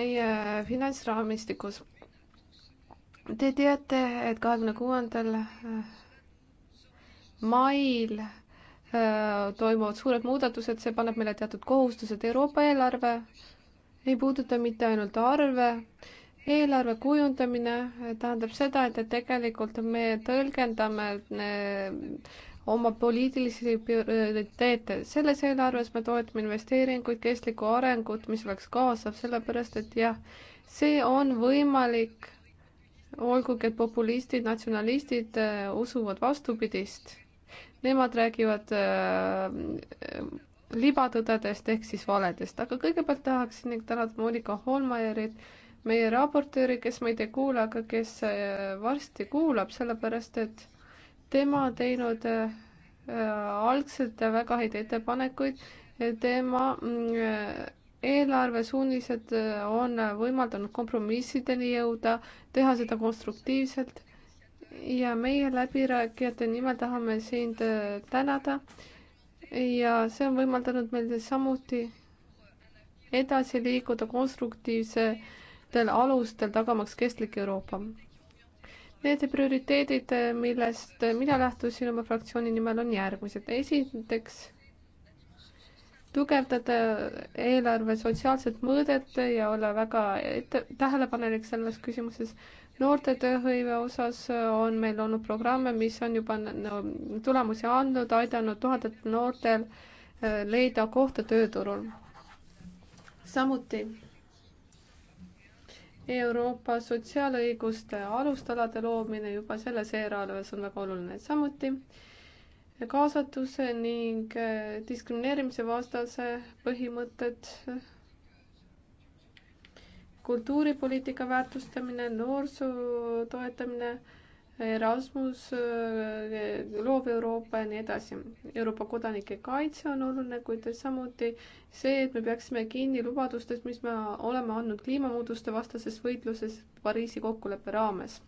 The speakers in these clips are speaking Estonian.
meie finantsraamistikus. Te teate, et kahekümne kuuendal äh, mail äh, toimuvad suured muudatused, see paneb meile teatud kohustused, Euroopa eelarve ei puuduta mitte ainult arve, eelarve kujundamine äh, tähendab seda, et, et tegelikult me tõlgendame oma poliitilisi prioriteete. selles eelarves me toetame investeeringuid, kestlikku arengut, mis oleks kaasav, sellepärast et jah, see on võimalik, olgugi et populistid, natsionalistid äh, usuvad vastupidist. Nemad räägivad äh, libatõdedest ehk siis valedest, aga kõigepealt tahaksin tänada Monika Holmajärit, meie raportööri, kes meid ei kuula, aga kes äh, varsti kuulab, sellepärast et äh, tema on teinud äh, algselt väga häid ettepanekuid, tema mm, eelarvesuunised äh, on võimaldanud kompromissideni jõuda, teha seda konstruktiivselt ja meie läbirääkijate nimel tahame sind äh, tänada ja see on võimaldanud meil samuti edasi liikuda konstruktiivsetel alustel, tagamaks kestlik Euroopa. Need prioriteedid, millest mina lähtusin oma fraktsiooni nimel, on järgmised. esiteks, tugevdada eelarve sotsiaalset mõõdet ja olla väga ette, tähelepanelik selles küsimuses. noorte tööhõive osas on meil olnud programme, mis on juba no, tulemusi andnud, aidanud tuhandetel noortel äh, leida kohta tööturul. samuti Euroopa sotsiaalõiguste alustalade loomine juba selles eelarves on väga oluline, samuti kaasatuse ning eh, diskrimineerimise vastase põhimõtted, kultuuripoliitika väärtustamine, noorsoo toetamine Erasmus, äh, loov Euroopa ja nii edasi. Euroopa kodanike kaitse on oluline, kuid samuti see, et me peaksime kinni lubadustest, mis me oleme andnud kliimamuutuste vastases võitluses Pariisi kokkuleppe raames.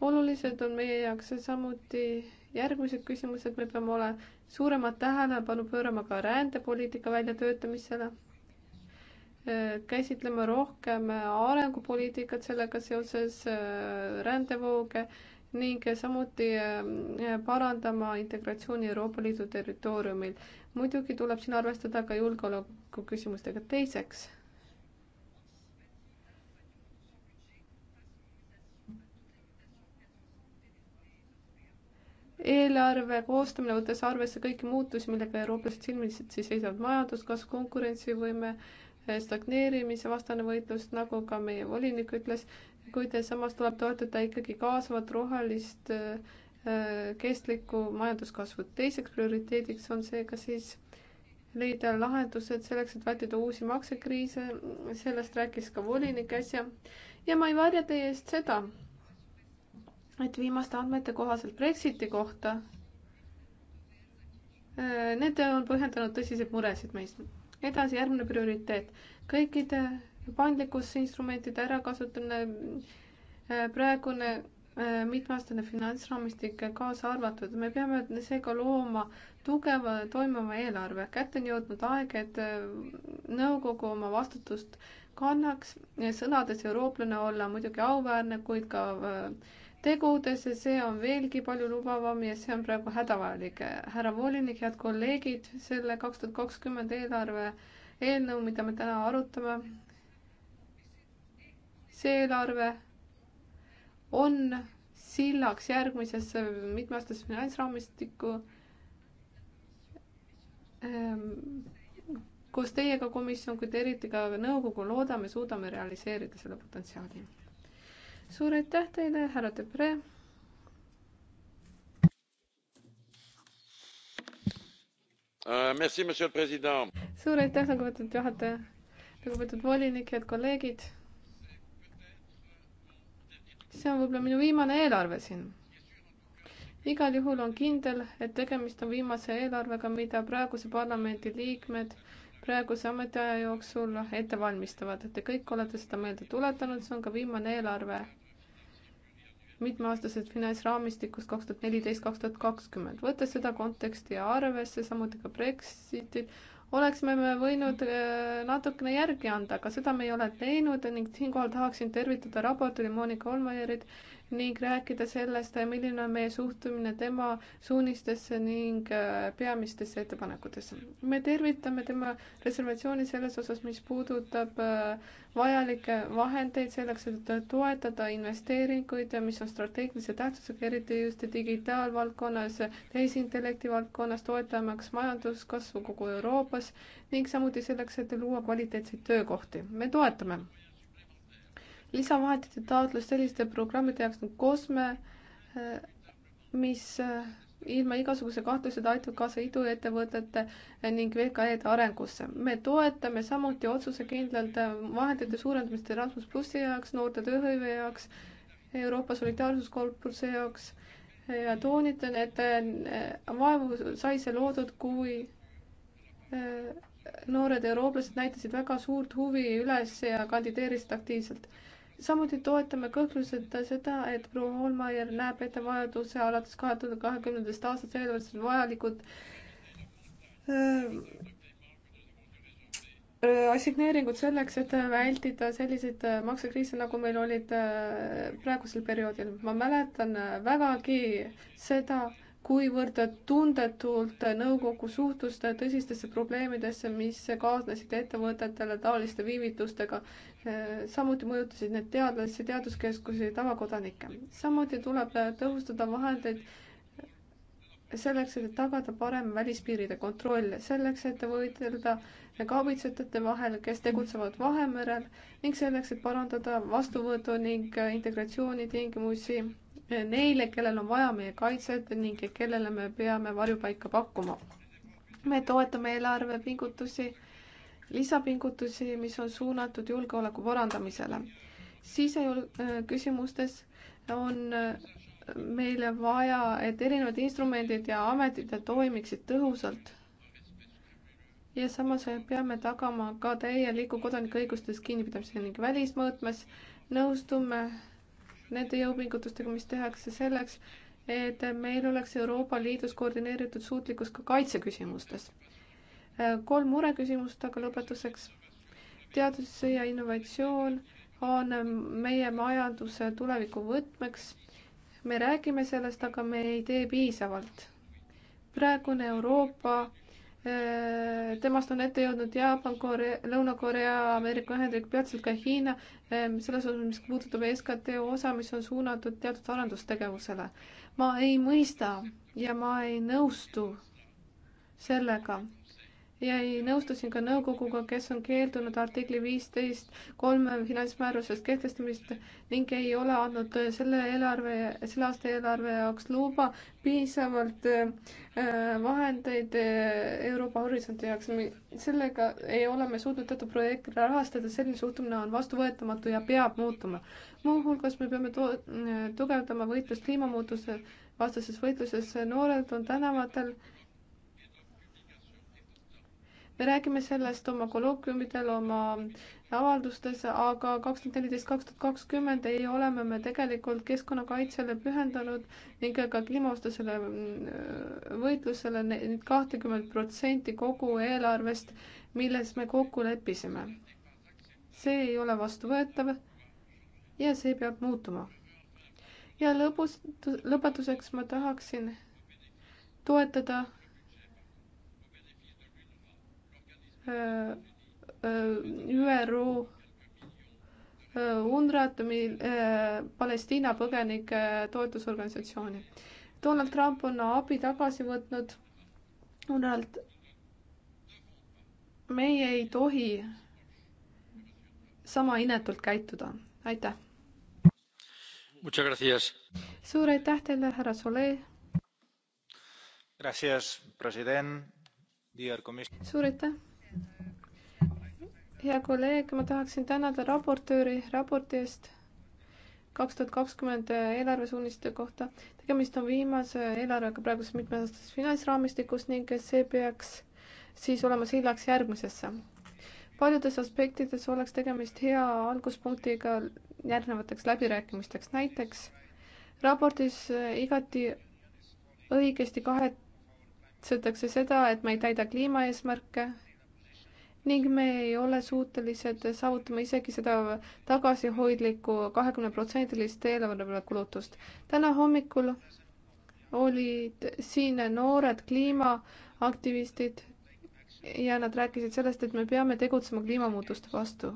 olulised on meie jaoks samuti järgmised küsimused, me peame olema suuremat tähelepanu pöörama ka rändepoliitika väljatöötamisele käsitlema rohkem arengupoliitikat sellega seoses, äh, rändevooge ning samuti äh, parandama integratsiooni Euroopa Liidu territooriumil. muidugi tuleb siin arvestada ka julgeoleku küsimustega. teiseks, eelarve koostamine, võttes arvesse kõiki muutusi, millega eurooplased silmitsi seisavad, majanduskasv, konkurentsivõime äh,, stagneerimise vastane võitlus, nagu ka meie volinik ütles, kuid samas tuleb toetada ikkagi kaasavat rohelist äh, kestlikku majanduskasvu. teiseks prioriteediks on seega siis leida lahendused selleks, et vältida uusi maksekriise, sellest rääkis ka volinik äsja. ja ma ei varja teie eest seda, et viimaste andmete kohaselt Brexiti kohta, äh, need on põhjendanud tõsiseid muresid meis edasi, järgmine prioriteet, kõikide paindlikkusinstrumentide ärakasutamine, äh, praegune äh, mitmeaastane finantsraamistik kaasa arvatud, me peame seega looma tugeva toimiva eelarve, kätte on jõudnud aeg, et äh, nõukogu oma vastutust kannaks, sõnades eurooplane olla muidugi auväärne, kuid ka äh, tegudes ja see on veelgi palju lubavam ja see on praegu hädavajalik. härra volinik, head kolleegid, selle kaks tuhat kakskümmend eelarve eelnõu, mida me täna arutame, see eelarve on sillaks järgmisesse mitmeaastase finantsraamistikku ehm, koos teiega, komisjon, kuid eriti ka nõukogu, loodame, suudame realiseerida selle potentsiaali suur aitäh teile, härra Debre. Euh, suur aitäh, lugupeetud juhataja, lugupeetud volinik, head kolleegid. see on võib-olla minu viimane eelarve siin igal juhul on kindel, et tegemist on viimase eelarvega, mida praeguse parlamendi liikmed praeguse ametiaja jooksul ette valmistavad. Te kõik olete seda meelde tuletanud, see on ka viimane eelarve, mitmeaastasest finantsraamistikust kaks tuhat neliteist, kaks tuhat kakskümmend. võttes seda konteksti arvesse, samuti ka Brexitit, oleksime me võinud äh, natukene järgi anda, aga seda me ei ole teinud ning siinkohal tahaksin tervitada raportööri Monika Olmejerit ning rääkida sellest, milline on meie suhtumine tema suunistesse ning äh, peamistesse ettepanekutesse. me tervitame tema reservatsiooni selles osas, mis puudutab äh, vajalikke vahendeid selleks, et toetada investeeringuid, mis on strateegilise tähtsusega, eriti just digitaalvaldkonnas, tehisintellekti valdkonnas, toetamaks majanduskasvu kogu Euroopas ning samuti selleks, et luua kvaliteetseid töökohti. me toetame lisavahendite taotlus selliste programmide jaoks nagu COSME, eh, mis eh, ilma igasuguse kahtluseta aitab kaasa iduettevõtete eh, ning VKE-de arengusse. me toetame samuti otsusekindlalt vahendite suurendamist Erasmus plussi jaoks, noorte tööhõive jaoks, Euroopa Solidaarsuskorpuse jaoks ja toonitan, et vaevu sai see loodud, kui noored eurooplased näitasid väga suurt huvi üles ja kandideerisid aktiivselt samuti toetame kõhkluseta seda, et proua Holmaier näeb ette vajaduse alates kahe tuhande kahekümnendast aastast eelarvest vajalikud assigneeringud selleks, et vältida selliseid maksekriise, nagu meil olid praegusel perioodil. ma mäletan äh, vägagi seda, kuivõrd tundetult nõukogu suhtus tõsistesse probleemidesse, mis kaasnesid ettevõtetele taoliste viivitustega. samuti mõjutasid need teadlasi, teaduskeskusi, tavakodanikke. samuti tuleb tõhustada vahendeid selleks, et tagada parem välispiiride kontroll, selleks, et võidelda kaubitsetajate vahel, kes tegutsevad Vahemerel ning selleks, et parandada vastuvõtu ning integratsiooni tingimusi neile, kellel on vaja meie kaitset ning kellele me peame varjupaika pakkuma. me toetame eelarvepingutusi, lisapingutusi, mis on suunatud julgeoleku parandamisele. sisejul-, äh, küsimustes on äh, meile vaja, et erinevad instrumendid ja ametid toimiksid tõhusalt. ja samas peame tagama ka täieliku kodanikuõigustest kinnipidamise ning välismõõtmes nõustume nende jõupingutustega, mis tehakse selleks, et meil oleks Euroopa Liidus koordineeritud suutlikkus ka kaitseküsimustes. kolm mureküsimust aga lõpetuseks. teadus ja innovatsioon on meie majanduse tuleviku võtmeks. me räägime sellest, aga me ei tee piisavalt. praegune Euroopa Äh, temast on ette jõudnud Jaapan, Korea, Lõuna-Korea, Ameerika Ühendriik, peatselt ka Hiina, ähm, selles osas, mis puudutab SKT osa, mis on suunatud teatud arendustegevusele. ma ei mõista ja ma ei nõustu sellega, ja ei nõustu siin ka nõukoguga, kes on keeldunud artikli viisteist kolme finantsmäärusest kehtestamist ning ei ole andnud selle eelarve, selle aasta eelarve jaoks luba piisavalt äh, vahendeid äh, Euroopa Horisondi jaoks. sellega ei ole me suutnud teatud projekte rahastada, selline suhtumine on vastuvõetamatu ja peab muutuma. muuhulgas me peame to-, äh, tugevdama võitlust kliimamuutuse vastases võitluses, noored on tänavatel me räägime sellest oma koloogiumidel, oma avaldustes, aga kaks tuhat neliteist, kaks tuhat kakskümmend ei ole me, me tegelikult keskkonnakaitsele pühendanud ning ka kliimavastasele mm, võitlusele neid kahtekümmet protsenti kogu eelarvest, milles me kokku leppisime. see ei ole vastuvõetav ja see peab muutuma. ja lõbus, lõpetuseks ma tahaksin toetada Äh, äh, ÜRO äh, UNRWA-t, mil Palestiina põgenike toetusorganisatsiooni. Donald Trump on abi tagasi võtnud UNRWA-lt. meie ei tohi sama inetult käituda, aitäh. suur aitäh teile, härra Solé. suur aitäh hea kolleeg, ma tahaksin tänada raportööri raporti eest kaks tuhat kakskümmend eelarvesuuniste kohta. tegemist on viimase eelarvega praeguses mitmeaastases finantsraamistikus ning see peaks siis olema sillaks järgmisesse. paljudes aspektides oleks tegemist hea alguspunktiga järgnevateks läbirääkimisteks, näiteks raportis igati õigesti kahetsetakse seda, et me ei täida kliimaeesmärke ning me ei ole suutelised saavutama isegi seda tagasihoidlikku kahekümneprotsendilist eelarve kulutust. täna hommikul olid siin noored kliimaaktivistid ja nad rääkisid sellest, et me peame tegutsema kliimamuutuste vastu.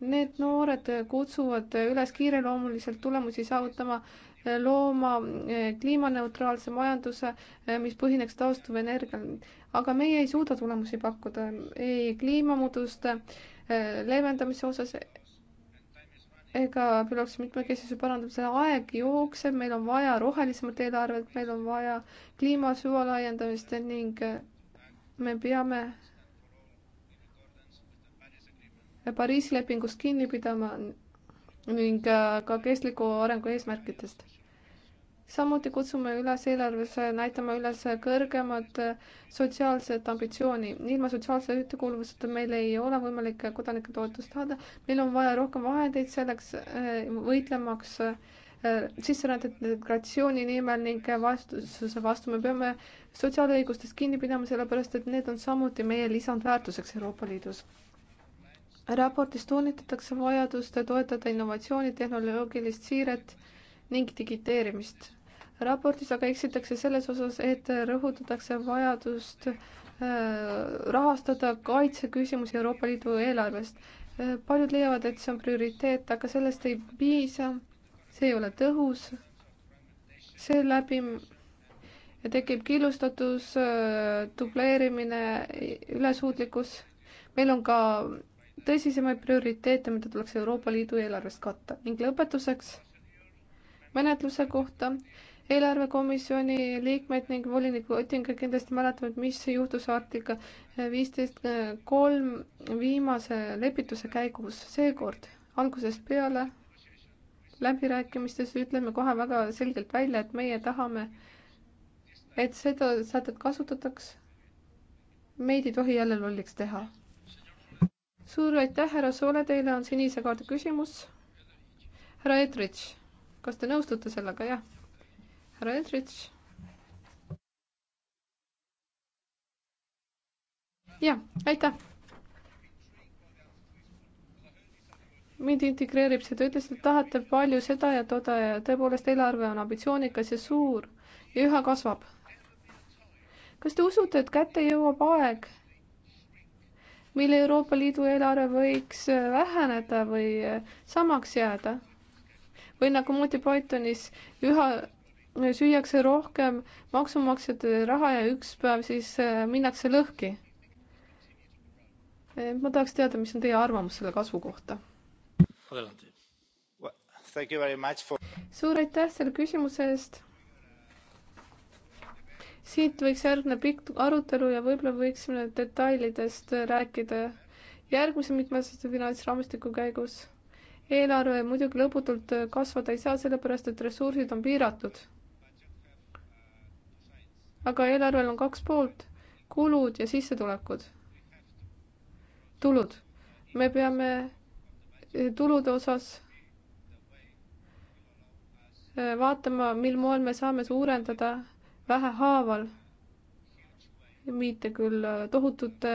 Need noored kutsuvad üles kiireloomuliselt tulemusi saavutama looma eh, kliimaneutraalse majanduse, eh, mis põhineks taastuvenergial. aga meie ei suuda tulemusi pakkuda eh, ei kliimamuutuste leevendamise osas ega bioloogilise mitmekesisuse parandamise aeg jookseb, meil on vaja rohelisemat eelarvet, meil on vaja kliima süva laiendamist ning me peame Pariisi lepingust kinni pidama ning ka kestliku arengu eesmärkidest samuti kutsume üles eelarves näitama üles kõrgemat sotsiaalset ambitsiooni. ilma sotsiaalse ühtekuuluvuseta meil ei ole võimalik kodanike toetust saada, meil on vaja rohkem vahendeid selleks eh, võitlemaks eh, sisserändajate integratsiooni nimel ning vastutuse vastu me peame sotsiaalõigustest kinni pidama, sellepärast et need on samuti meie lisandväärtuseks Euroopa Liidus raportis toonitatakse vajadust toetada innovatsiooni, tehnoloogilist siiret ning digiteerimist. raportis aga eksitakse selles osas, et rõhutatakse vajadust äh, rahastada kaitseküsimusi Euroopa Liidu eelarvest. Äh, paljud leiavad, et see on prioriteet, aga sellest ei piisa, see ei ole tõhus, seeläbi tekib killustatus, äh, dubleerimine, ülesuutlikkus, meil on ka tõsisemaid prioriteete, mida tuleks Euroopa Liidu eelarvest katta ning lõpetuseks menetluse kohta. eelarvekomisjoni liikmed ning volinik Oettinger kindlasti mäletavad, mis juhtus artikkel viisteist kolm viimase lepituse käigus. seekord algusest peale läbirääkimistes ütleme kohe väga selgelt välja, et meie tahame, et seda sätet kasutataks. meid ei tohi jälle lolliks teha suur aitäh, härra Soole, teile on sinise kaardi küsimus. härra Etrich kas te nõustute sellega, jah? härra Edrich? jah, aitäh. mind integreerib see, te ütlesite, et tahate palju seda ja toda ja tõepoolest eelarve on ambitsioonikas ja suur ja üha kasvab. kas te usute, et kätte jõuab aeg, mil Euroopa Liidu eelarve võiks väheneda või samaks jääda? või nagu Monty Pythonis üha süüakse rohkem maksumaksjate raha ja üks päev siis äh, minnakse lõhki. Äh, ma tahaks teada, mis on teie arvamus selle kasvu kohta? For... suur aitäh selle küsimuse eest. siit võiks järgneda pikk arutelu ja võib-olla võiksime detailidest rääkida järgmise mitmeaastase finantsraamistiku käigus eelarve muidugi lõputult kasvada ei saa, sellepärast et ressursid on piiratud. aga eelarvel on kaks poolt, kulud ja sissetulekud, tulud. me peame eh, tulude osas eh, vaatama, mil moel me saame suurendada vähehaaval, mitte küll eh, tohutute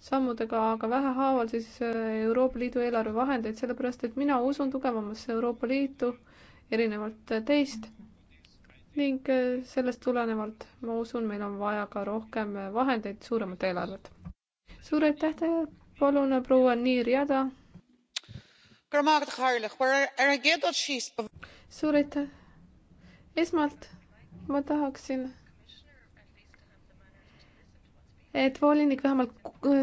sammudega, aga vähehaaval siis äh, Euroopa Liidu eelarvevahendeid, sellepärast et mina usun tugevamasse Euroopa Liitu erinevalt äh, teist. ning äh, sellest tulenevalt ma usun, meil on vaja ka rohkem vahendeid, suuremat eelarvet. suur aitäh teile, palun proua Niir Jada. suur aitäh. esmalt ma tahaksin et volinik vähemalt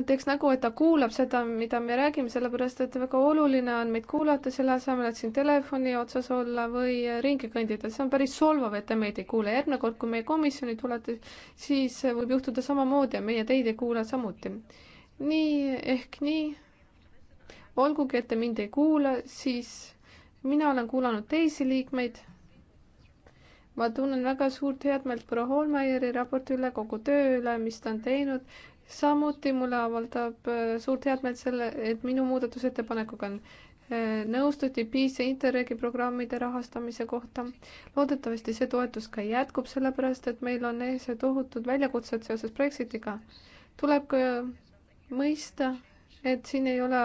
teeks nägu, et ta kuulab seda, mida me räägime, sellepärast et väga oluline on meid kuulata, selle asemel, et siin telefoni otsas olla või ringi kõndida, see on päris solvav, et te meid ei kuule. järgmine kord, kui meie komisjoni tulete, siis võib juhtuda samamoodi ja meie teid ei kuula samuti. nii ehk nii, olgugi et te mind ei kuula, siis mina olen kuulanud teisi liikmeid ma tunnen väga suurt headmeelt proua Holmeieri raporti üle, kogu töö üle, mis ta on teinud. samuti mulle avaldab äh, suurt headmeelt selle, et minu muudatusettepanekuga on äh, nõustuti PISA Interregi programmide rahastamise kohta. loodetavasti see toetus ka jätkub, sellepärast et meil on ees tohutud väljakutsed seoses Brexitiga. tuleb ka mõista, et siin ei ole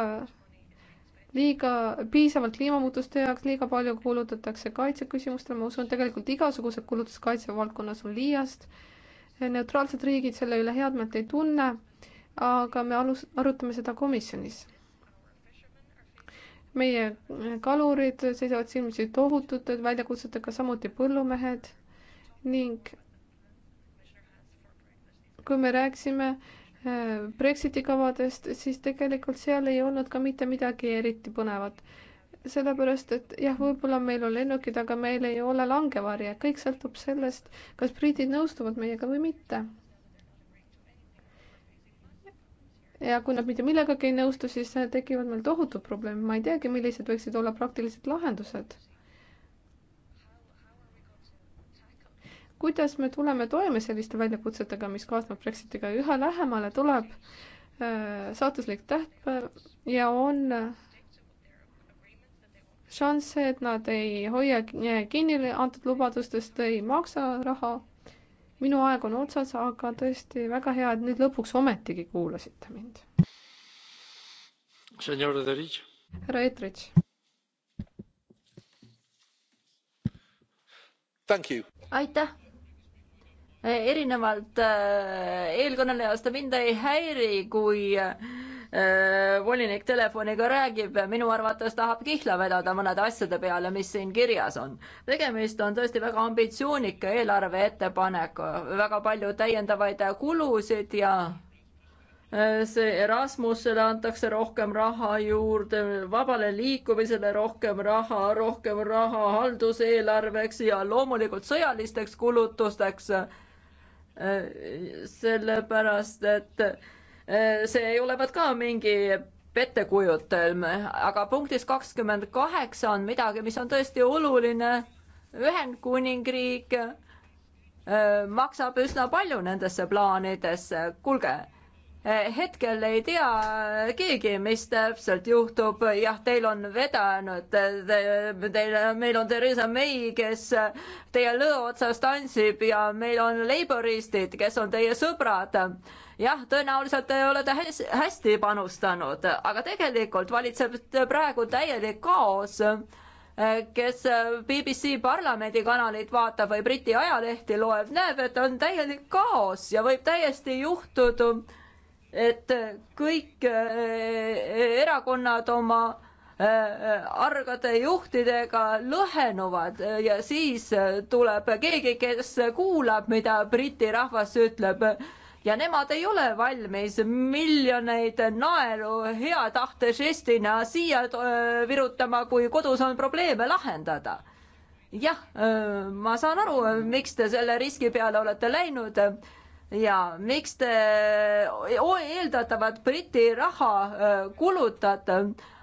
liiga piisavalt kliimamuutuste jaoks, liiga palju kulutatakse kaitseküsimustele, ma usun, tegelikult igasugused kulutused kaitsevaldkonnas on liiast. neutraalsed riigid selle üle headmelt ei tunne, aga me alus, arutame seda komisjonis. meie kalurid seisavad silmitsi tohutute väljakutsetega, samuti põllumehed ning kui me rääkisime äh, Brexiti kavadest, siis tegelikult seal ei olnud ka mitte midagi eriti põnevat. sellepärast, et jah, võib-olla meil on lennukid, aga meil ei ole langevarje, kõik sõltub sellest, kas britid nõustuvad meiega või mitte. ja kui nad mitte millegagi ei nõustu, siis tekivad meil tohutud probleemid, ma ei teagi, millised võiksid olla praktilised lahendused kuidas me tuleme toime selliste väljakutsetega, mis kaasnevad Brexitiga, üha lähemale tuleb äh, saatuslik tähtpäev ja on äh, šansse, et nad ei hoia kinni antud lubadustest, ei maksa raha. minu aeg on otsas, aga tõesti väga hea, et nüüd lõpuks ometigi kuulasite mind. härra Etrich. aitäh erinevalt äh, eelkõnelejast mind ei häiri, kui äh, volinik telefoniga räägib, minu arvates tahab kihla vedada mõnede asjade peale, mis siin kirjas on. tegemist on tõesti väga ambitsioonika eelarve ettepanek, väga palju täiendavaid kulusid ja äh, see Erasmusele antakse rohkem raha juurde, vabale liikumisele rohkem raha, rohkem raha halduseelarveks ja loomulikult sõjalisteks kulutusteks sellepärast et eh, see ei olevat ka mingi pettekujutelm, aga punktis kakskümmend kaheksa on midagi, mis on tõesti oluline. Ühendkuningriik eh, maksab üsna palju nendesse plaanidesse, kuulge Eh, hetkel ei tea keegi, mis täpselt juhtub, jah, teil on vedanud, teil, meil on Theresa May, kes teie lõõ otsas tantsib ja meil on laboristid, kes on teie sõbrad. jah, tõenäoliselt te olete hästi panustanud, aga tegelikult valitseb praegu täielik kaos eh, kes BBC parlamendikanalit vaatab või Briti ajalehti loeb, näeb, et on täielik kaos ja võib täiesti juhtuda et kõik eh, erakonnad oma eh, argade juhtidega lõhenuvad ja siis tuleb keegi, kes kuulab, mida Briti rahvas ütleb ja nemad ei ole valmis miljoneid naelu hea tahte žestina siia eh, virutama, kui kodus on probleeme lahendada. jah, ma saan aru, miks te selle riski peale olete läinud ja miks te eeldatavat Briti raha äh, kulutate,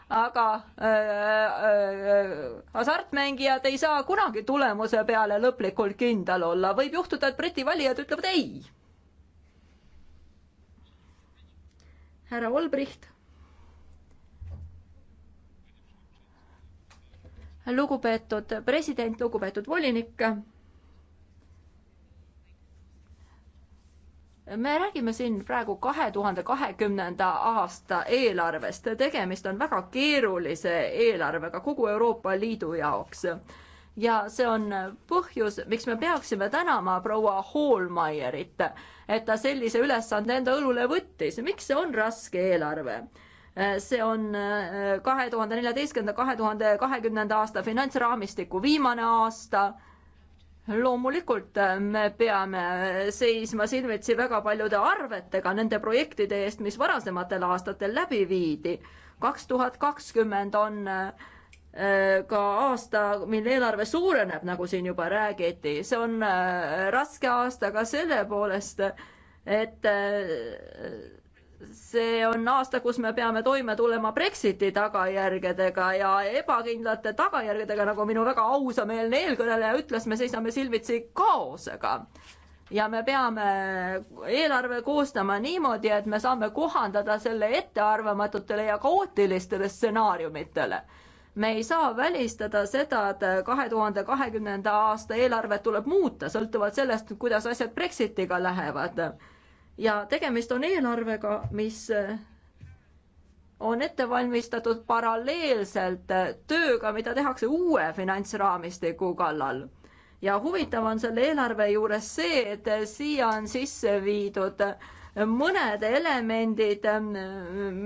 aga äh, äh, hasartmängijad ei saa kunagi tulemuse peale lõplikult kindel olla, võib juhtuda, et Briti valijad ütlevad ei. härra Olbricht. lugupeetud president, lugupeetud volinik me räägime siin praegu kahe tuhande kahekümnenda aasta eelarvest, tegemist on väga keerulise eelarvega kogu Euroopa Liidu jaoks. ja see on põhjus, miks me peaksime tänama proua Hallmeierit, et ta sellise ülesande enda õlule võttis, miks see on raske eelarve? see on äh, kahe tuhande neljateistkümnenda, kahe tuhande kahekümnenda aasta finantsraamistiku viimane aasta loomulikult äh, me peame seisma silmitsi väga paljude arvetega nende projektide eest, mis varasematel aastatel läbi viidi. kaks tuhat kakskümmend on äh, ka aasta, mil eelarve suureneb, nagu siin juba räägiti, see on äh, raske aasta ka selle poolest, et see on aasta, kus me peame toime tulema Brexiti tagajärgedega ja ebakindlate tagajärgedega, nagu minu väga ausameelne eelkõneleja ütles, me seisame silmitsi kaosega. ja me peame eelarve koostama niimoodi, et me saame kohandada selle ettearvamatutele ja kaootilistele stsenaariumitele me ei saa välistada seda, et kahe tuhande kahekümnenda aasta eelarvet tuleb muuta, sõltuvalt sellest, kuidas asjad Brexitiga lähevad ja tegemist on eelarvega, mis eh, on ette valmistatud paralleelselt eh, tööga, mida tehakse uue finantsraamistiku kallal. ja huvitav on selle eelarve juures see, et eh, siia on sisse viidud mõned elemendid,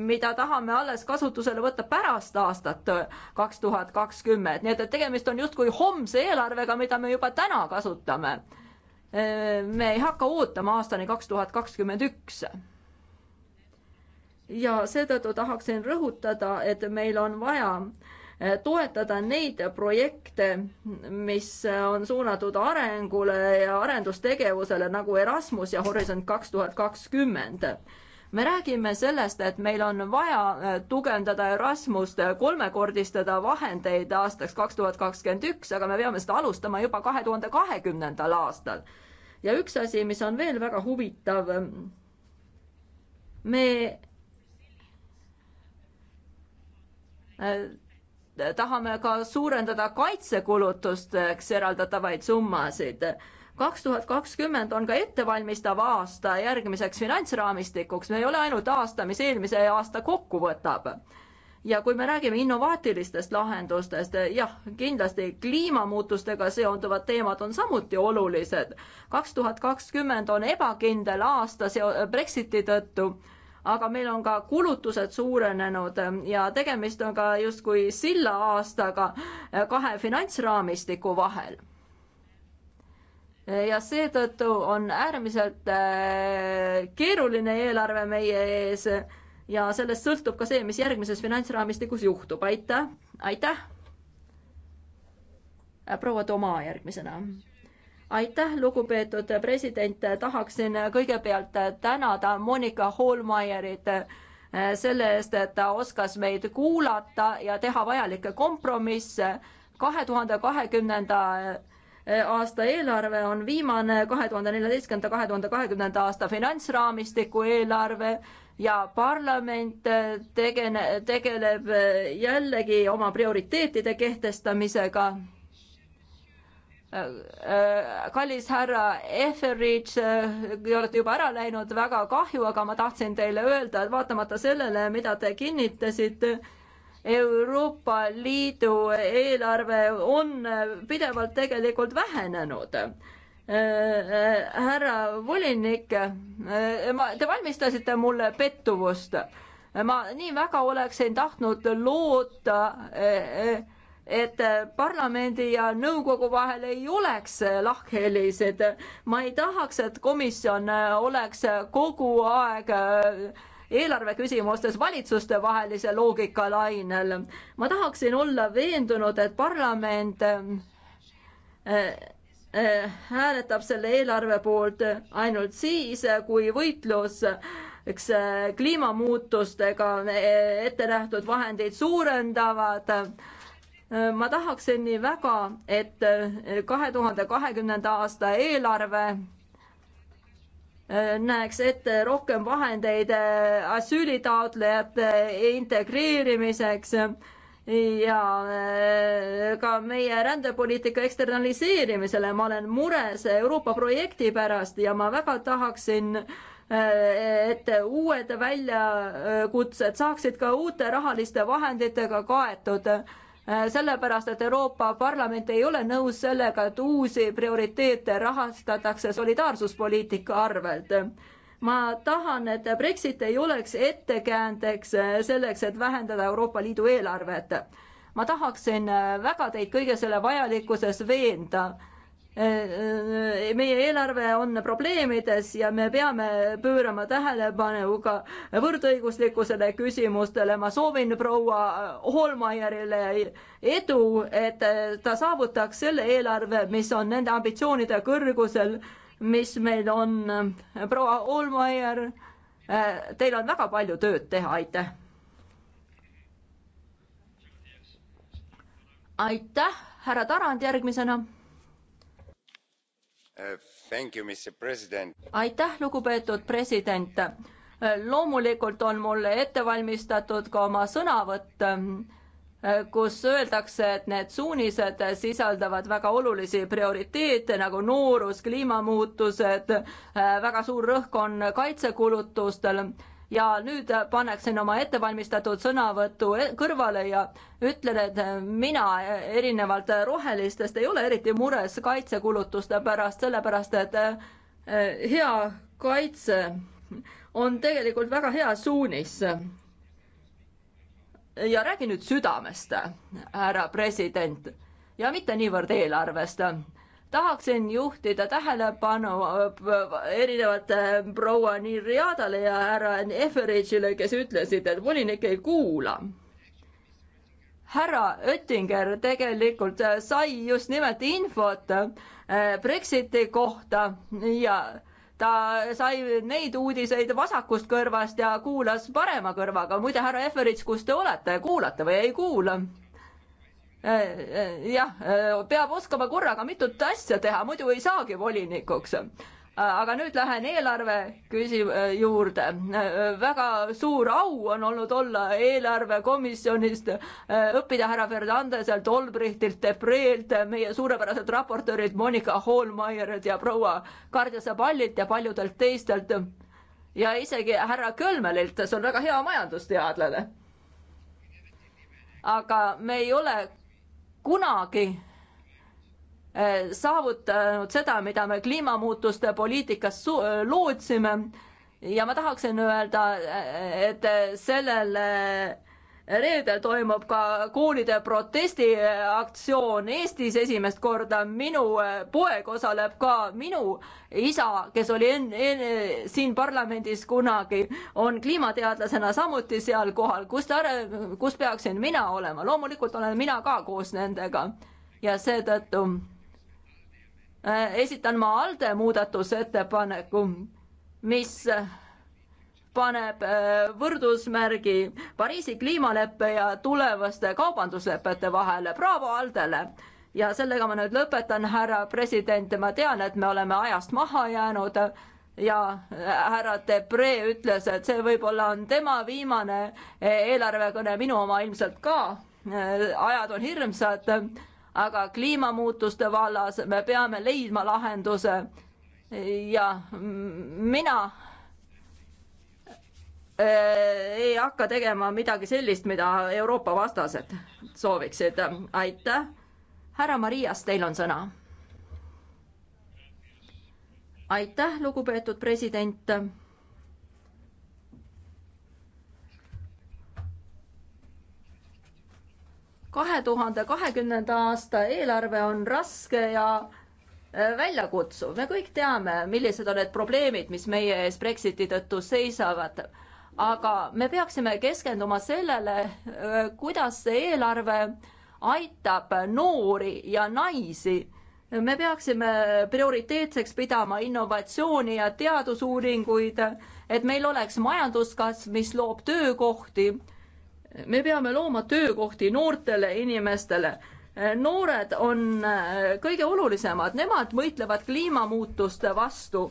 mida tahame alles kasutusele võtta pärast aastat kaks tuhat kakskümmend, nii et, et tegemist on justkui homse eelarvega, mida me juba täna kasutame me ei hakka ootama aastani kaks tuhat kakskümmend üks. ja seetõttu tahaksin rõhutada, et meil on vaja eh, toetada neid projekte, mis on suunatud arengule ja arendustegevusele nagu Erasmus ja Horisont kaks tuhat kakskümmend me räägime sellest, et meil on vaja äh, tugevdada Erasmust, äh, kolmekordistada vahendeid aastaks kaks tuhat kakskümmend üks, aga me peame seda alustama juba kahe tuhande kahekümnendal aastal. ja üks asi, mis on veel väga huvitav, ähm, me äh, tahame ka suurendada kaitsekulutusteks eraldatavaid summasid kaks tuhat kakskümmend on ka ettevalmistav aasta järgmiseks finantsraamistikuks, me ei ole ainult aasta, mis eelmise aasta kokku võtab. ja kui me räägime innovaatilistest lahendustest, jah, kindlasti kliimamuutustega seonduvad teemad on samuti olulised. kaks tuhat kakskümmend on ebakindel aasta seo-, Brexiti tõttu aga meil on ka kulutused suurenenud ja tegemist on ka justkui silla aastaga kahe finantsraamistiku vahel ja seetõttu on äärmiselt äh, keeruline eelarve meie ees ja sellest sõltub ka see, mis järgmises finantsraamistikus juhtub, aitäh, aitäh. Äh, proua Toma järgmisena. aitäh, lugupeetud president, tahaksin kõigepealt tänada Monika Hallmeierit äh, selle eest, et ta oskas meid kuulata ja teha vajalikke kompromisse kahe tuhande kahekümnenda aasta eelarve on viimane kahe tuhande neljateistkümnenda, kahe tuhande kahekümnenda aasta finantsraamistiku eelarve ja parlament eh, tegene-, tegeleb eh, jällegi oma prioriteetide kehtestamisega. Eh, kallis härra Eferich, te olete juba ära läinud, väga kahju, aga ma tahtsin teile öelda, et vaatamata sellele, mida te kinnitasite, Euroopa Liidu eelarve on pidevalt tegelikult vähenenud äh, äh, härra volinik, äh, ma, te valmistasite mulle pettumust. ma nii väga oleksin tahtnud loota, et parlamendi ja nõukogu vahel ei oleks lahkhelisid. ma ei tahaks, et komisjon oleks kogu aeg eelarveküsimustes valitsustevahelise loogika lainel. ma tahaksin olla veendunud, et parlament äh, äh, hääletab selle eelarve poolt ainult siis, kui võitlus eks äh, kliimamuutustega ette nähtud vahendeid suurendavad. ma tahaksin nii väga, et kahe tuhande kahekümnenda aasta eelarve näeks ette rohkem vahendeid äh, asüülitaotlejate integreerimiseks ja äh, ka meie rändepoliitika eksternaliseerimisele. ma olen mures Euroopa projekti pärast ja ma väga tahaksin, äh, et uued väljakutsed saaksid ka uute rahaliste vahenditega kaetud Äh, sellepärast, et Euroopa Parlament ei ole nõus sellega, et uusi prioriteete rahastatakse solidaarsuspoliitika arvelt. ma tahan, et Brexit ei oleks ettekäändeks selleks, et vähendada Euroopa Liidu eelarvet. ma tahaksin väga teid kõige selle vajalikkuses veenda Äh, äh, meie eelarve on probleemides ja me peame pöörama tähelepanu ka võrdõiguslikkusele küsimustele. ma soovin proua Holmajärile edu, et ta saavutaks selle eelarve, mis on nende ambitsioonide kõrgusel, mis meil on. proua Holmajär, äh, teil on väga palju tööd teha, aitäh. aitäh, härra Tarand järgmisena aitäh, lugupeetud president. loomulikult on mul ette valmistatud ka oma sõnavõtt, kus öeldakse, et need suunised sisaldavad väga olulisi prioriteete nagu noorus, kliimamuutused, väga suur rõhk on kaitsekulutustel ja nüüd äh, paneksin oma ettevalmistatud sõnavõtu äh, kõrvale ja ütlen, et äh, mina erinevalt rohelistest ei ole eriti mures kaitsekulutuste pärast, sellepärast et hea kaitse on tegelikult väga hea suunis. ja räägi nüüd südamest, härra president, ja mitte niivõrd eelarvest tahaksin juhtida tähelepanu äh, erinevate äh, proua Nirjadale ja härra Eferitšile, kes ütlesid, et volinik ei kuula. härra Oettinger tegelikult äh, sai just nimelt infot Brexiti kohta ja ta sai neid uudiseid vasakust kõrvast ja kuulas parema kõrvaga. muide, härra Eferits, kus te olete, kuulate või ei kuula? jah, peab oskama korraga mitut asja teha, muidu ei saagi volinikuks. aga nüüd lähen eelarve küsi-, juurde. väga suur au on olnud olla eelarvekomisjonist, õppida härra Fernandeselt, Olbrichtilt, Depreelt, meie suurepäraselt raportöörilt Monika Hallmeierilt ja proua Kardja Saballilt ja paljudelt teistelt ja isegi härra Kölmelilt, kes on väga hea majandusteadlane. aga me ei ole kunagi äh, saavutanud seda, mida me kliimamuutuste poliitikas äh, lootsime ja ma tahaksin öelda, äh, et sellele reedel toimub ka koolide protestiaktsioon Eestis esimest korda, minu äh, poeg osaleb ka, minu isa, kes oli enne en, siin parlamendis kunagi, on kliimateadlasena samuti seal kohal, kus ta, kus peaksin mina olema, loomulikult olen mina ka koos nendega ja seetõttu äh, esitan ma ALDE muudatusettepaneku, mis äh, paneb äh, võrdusmärgi Pariisi kliimaleppe ja tulevaste kaubanduslepete vahele. Bravo Aldele! ja sellega ma nüüd lõpetan, härra president, ma tean, et me oleme ajast maha jäänud ja äh, härra Debre ütles, et see võib-olla on tema viimane äh, eelarvekõne, minu oma ilmselt ka. ajad on hirmsad, aga kliimamuutuste vallas me peame leidma lahenduse ja mina Äh, ei hakka tegema midagi sellist, mida Euroopa vastased sooviksid. aitäh. härra Marias, teil on sõna. aitäh, lugupeetud president. kahe tuhande kahekümnenda aasta eelarve on raske ja äh, väljakutsuv. me kõik teame, millised on need probleemid, mis meie ees Brexiti tõttu seisavad aga me peaksime keskenduma sellele, äh, kuidas see eelarve aitab noori ja naisi me peaksime prioriteetseks pidama innovatsiooni ja teadusuuringuid, et meil oleks majanduskasv, mis loob töökohti. me peame looma töökohti noortele inimestele. noored on äh, kõige olulisemad, nemad võitlevad kliimamuutuste vastu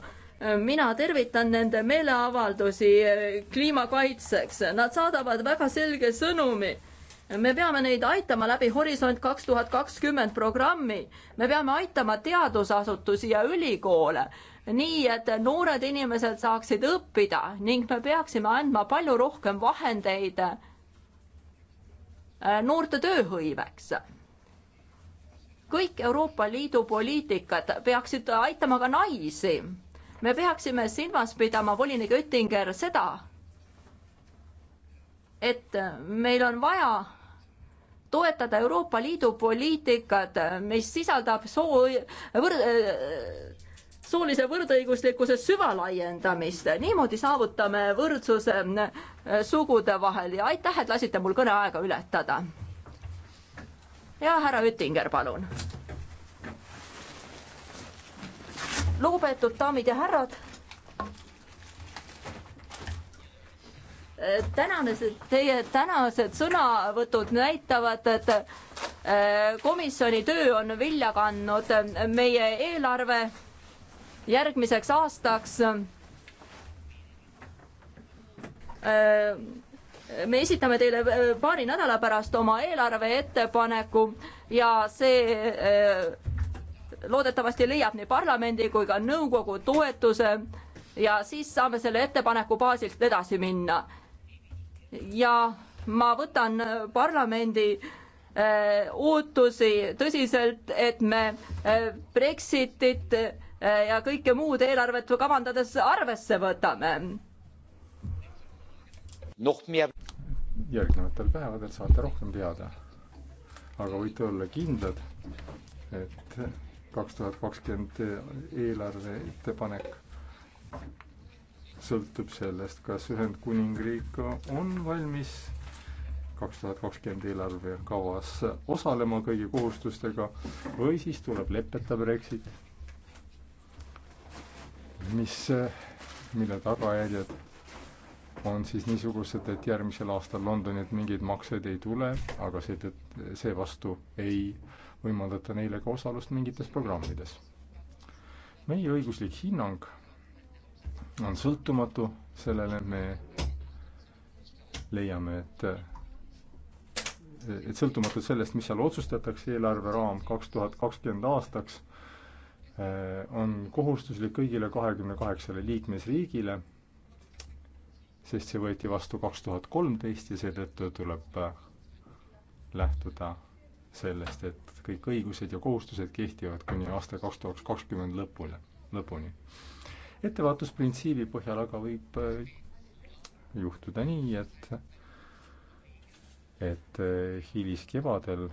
mina tervitan nende meeleavaldusi eh, kliimakaitseks, nad saadavad väga selge sõnumi me peame neid aitama läbi Horisont kaks tuhat kakskümmend programmi, me peame aitama teadusasutusi ja ülikoole, nii et noored inimesed saaksid õppida ning me peaksime andma palju rohkem vahendeid eh, noorte tööhõiveks. kõik Euroopa Liidu poliitikad peaksid aitama ka naisi me peaksime silmas pidama, volinik Oettinger, seda, et meil on vaja toetada Euroopa Liidu poliitikat, mis sisaldab soo võr-, soolise võrdõiguslikkuse süvalaiendamist, niimoodi saavutame võrdsuse eh, sugude vahel ja aitäh, et lasite mul kõneaega ületada. ja härra Oettinger, palun lugupeetud daamid ja härrad. tänased, teie tänased sõnavõtud näitavad, et eh, komisjoni töö on vilja kandnud, meie eelarve järgmiseks aastaks eh, me esitame teile eh, paari nädala pärast oma eelarve ettepaneku ja see loodetavasti leiab nii parlamendi kui ka nõukogu toetuse ja siis saame selle ettepaneku baasilt edasi minna. ja ma võtan parlamendi äh, ootusi tõsiselt, et me äh, Brexitit äh, ja kõike muud eelarvet kavandades arvesse võtame. Noh, järgnevatel päevadel saate rohkem teada. aga võite olla kindlad, et kaks tuhat kakskümmend eelarve ettepanek sõltub sellest, kas Ühendkuningriik on valmis kaks tuhat kakskümmend eelarve kavas osalema kõigi kohustustega või siis tuleb leppeta Brexit, mis, mille tagajärjed on siis niisugused, et järgmisel aastal Londonilt mingeid makseid ei tule, aga seetõttu, seevastu ei äh, võimaldada neile ka osalust mingites programmides. meie õiguslik hinnang on sõltumatu, sellele me leiame, et et sõltumata sellest, mis seal otsustatakse, eelarveraam kaks tuhat kakskümmend aastaks on kohustuslik kõigile kahekümne kaheksale liikmesriigile, sest see võeti vastu kaks tuhat kolmteist ja seetõttu tuleb lähtuda sellest, et kõik õigused ja kohustused kehtivad kuni aasta kaks tuhat kakskümmend lõpule, lõpuni. ettevaatusprintsiibi põhjal aga võib äh, juhtuda nii, et et äh, hiliskevadel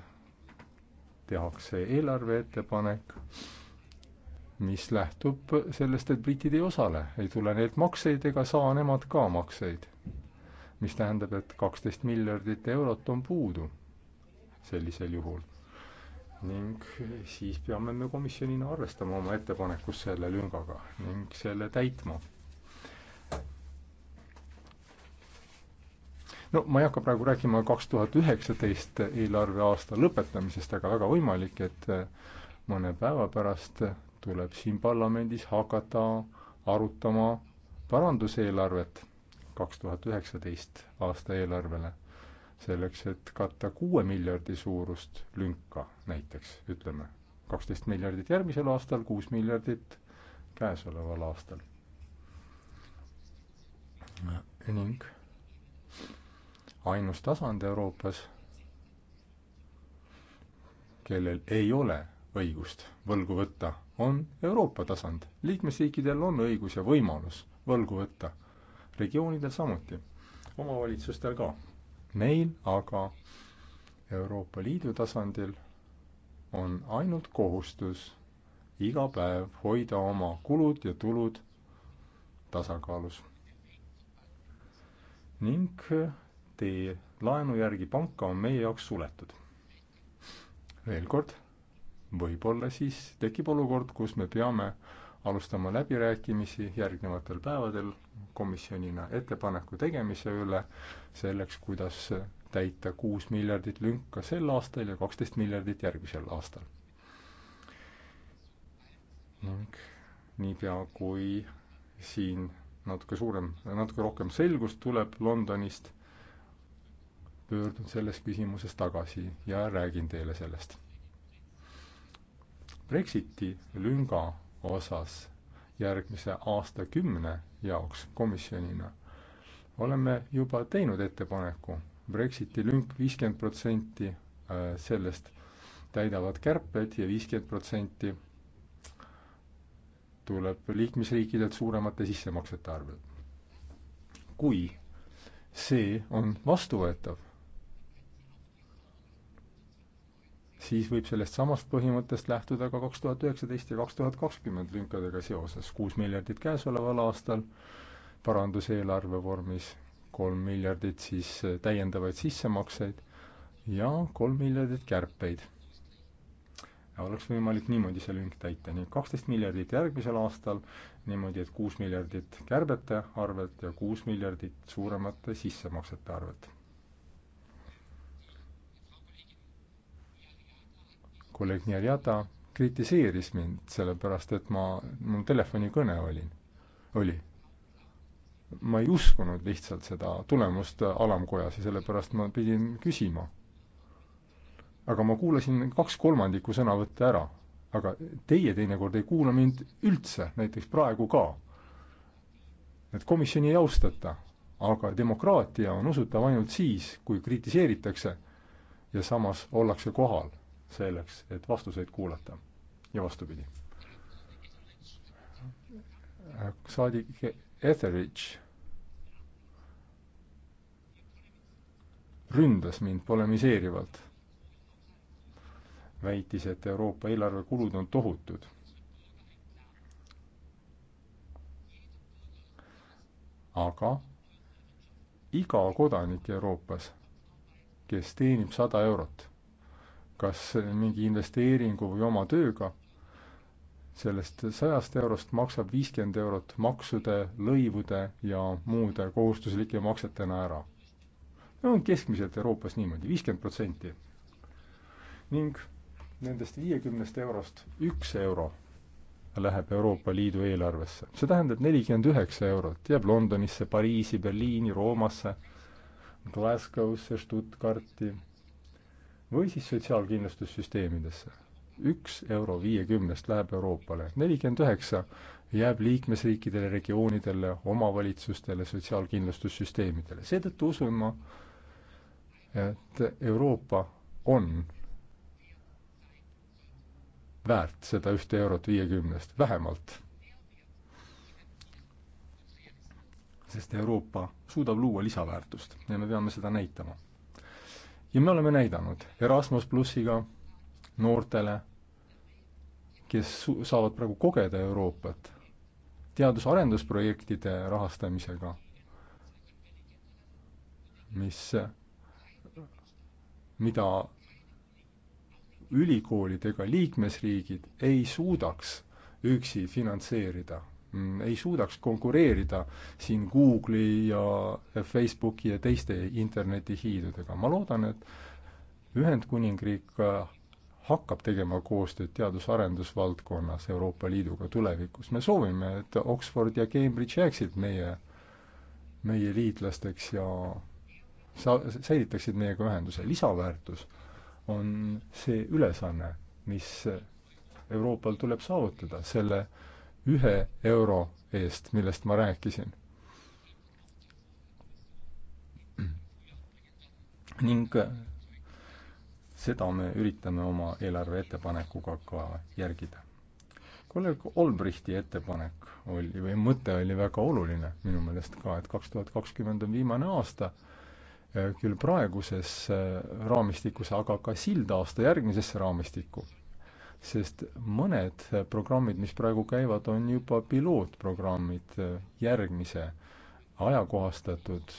tehakse eelarve ettepanek, mis lähtub sellest, et britid ei osale, ei tule neilt makseid ega saa nemad ka makseid. mis tähendab, et kaksteist miljardit eurot on puudu sellisel juhul. ning siis peame me komisjonina arvestama oma ettepanekus selle lüngaga ning selle täitma. no ma ei hakka praegu rääkima kaks tuhat üheksateist eelarveaasta lõpetamisest, aga väga võimalik, et äh, mõne päeva pärast tuleb siin parlamendis hakata arutama paranduseelarvet kaks tuhat üheksateist aasta eelarvele selleks, et katta kuue miljardi suurust lünka näiteks, ütleme, kaksteist miljardit järgmisel aastal, kuus miljardit käesoleval aastal. ning ainus tasand Euroopas, kellel ei ole õigust võlgu võtta, on Euroopa tasand. liikmesriikidel on õigus ja võimalus võlgu võtta, regioonidel samuti, omavalitsustel ka meil aga Euroopa Liidu tasandil on ainult kohustus iga päev hoida oma kulud ja tulud tasakaalus. ning tee laenu järgi panka on meie jaoks suletud. veel kord, võib-olla siis tekib olukord, kus me peame alustama läbirääkimisi järgnevatel päevadel komisjonina ettepaneku tegemise üle selleks, kuidas täita kuus miljardit lünka sel aastal ja kaksteist miljardit järgmisel aastal. ning niipea, kui siin natuke suurem, natuke rohkem selgust tuleb Londonist, pöördun selles küsimuses tagasi ja räägin teile sellest. Brexiti lünga osas järgmise aastakümne jaoks komisjonina oleme juba teinud ettepaneku Brexiti lünk viiskümmend protsenti äh, sellest täidavad kärped ja viiskümmend protsenti tuleb liikmesriikidelt suuremate sissemaksete arvelt. kui see on vastuvõetav, siis võib sellest samast põhimõttest lähtuda ka kaks tuhat üheksateist ja kaks tuhat kakskümmend lünkadega seoses. kuus miljardit käesoleval aastal paranduseelarve vormis, kolm miljardit siis täiendavaid sissemakseid ja kolm miljardit kärpeid. oleks võimalik niimoodi see lünk täita, nii et kaksteist miljardit järgmisel aastal, niimoodi, et kuus miljardit kärbete arvelt ja kuus miljardit suuremate sissemaksete arvelt kolleeg Nerjata kritiseeris mind, sellepärast et ma, mul telefonikõne olin, oli. ma ei uskunud lihtsalt seda tulemust alamkojas ja sellepärast ma pidin küsima. aga ma kuulasin kaks kolmandikku sõnavõtte ära. aga teie teinekord ei kuula mind üldse, näiteks praegu ka. et komisjoni ei austata, aga demokraatia on usutav ainult siis, kui kritiseeritakse ja samas ollakse kohal selleks, et vastuseid kuulata ja vastupidi. saadik Etheridge ründas mind polemiseerivalt. väitis, et Euroopa eelarvekulud on tohutud. aga iga kodanik Euroopas, kes teenib sada eurot kas mingi investeeringu või oma tööga, sellest sajast eurost maksab viiskümmend eurot maksude, lõivude ja muude kohustuslike maksetena ära. no on keskmiselt Euroopas niimoodi, viiskümmend protsenti. ning nendest viiekümnest eurost üks euro läheb Euroopa Liidu eelarvesse. see tähendab nelikümmend üheksa eurot jääb Londonisse, Pariisi, Berliini, Roomasse, Glasgow'sse, Stuttgarti või siis sotsiaalkindlustussüsteemidesse. üks euro viiekümnest läheb Euroopale, nelikümmend üheksa jääb liikmesriikidele, regioonidele, omavalitsustele, sotsiaalkindlustussüsteemidele. seetõttu usun ma, et Euroopa on väärt seda ühte eurot viiekümnest, vähemalt. sest Euroopa suudab luua lisaväärtust ja me peame seda näitama ja me oleme näidanud Erasmus plussiga noortele, kes saavad praegu kogeda Euroopat teadus-arendusprojektide rahastamisega, mis, mida ülikoolidega liikmesriigid ei suudaks üksi finantseerida Mm, ei suudaks konkureerida siin Google'i ja Facebooki ja teiste internetihiidudega. ma loodan, et Ühendkuningriik äh, hakkab tegema koostööd teadus-arendusvaldkonnas Euroopa Liiduga tulevikus. me soovime, et Oxford ja Cambridge jääksid meie, meie liitlasteks ja sa-, säilitaksid meiega ühenduse. lisaväärtus on see ülesanne, mis Euroopal tuleb saavutada, selle äh, ühe euro eest, millest ma rääkisin. ning seda me üritame oma eelarve ettepanekuga ka järgida. kolleeg Olbrichti ettepanek oli või mõte oli väga oluline minu meelest ka, et kaks tuhat kakskümmend on viimane aasta, eh, küll praeguses eh, raamistikus, aga ka silda aasta järgmisesse raamistikku sest mõned programmid, mis praegu käivad, on juba pilootprogrammid järgmise ajakohastatud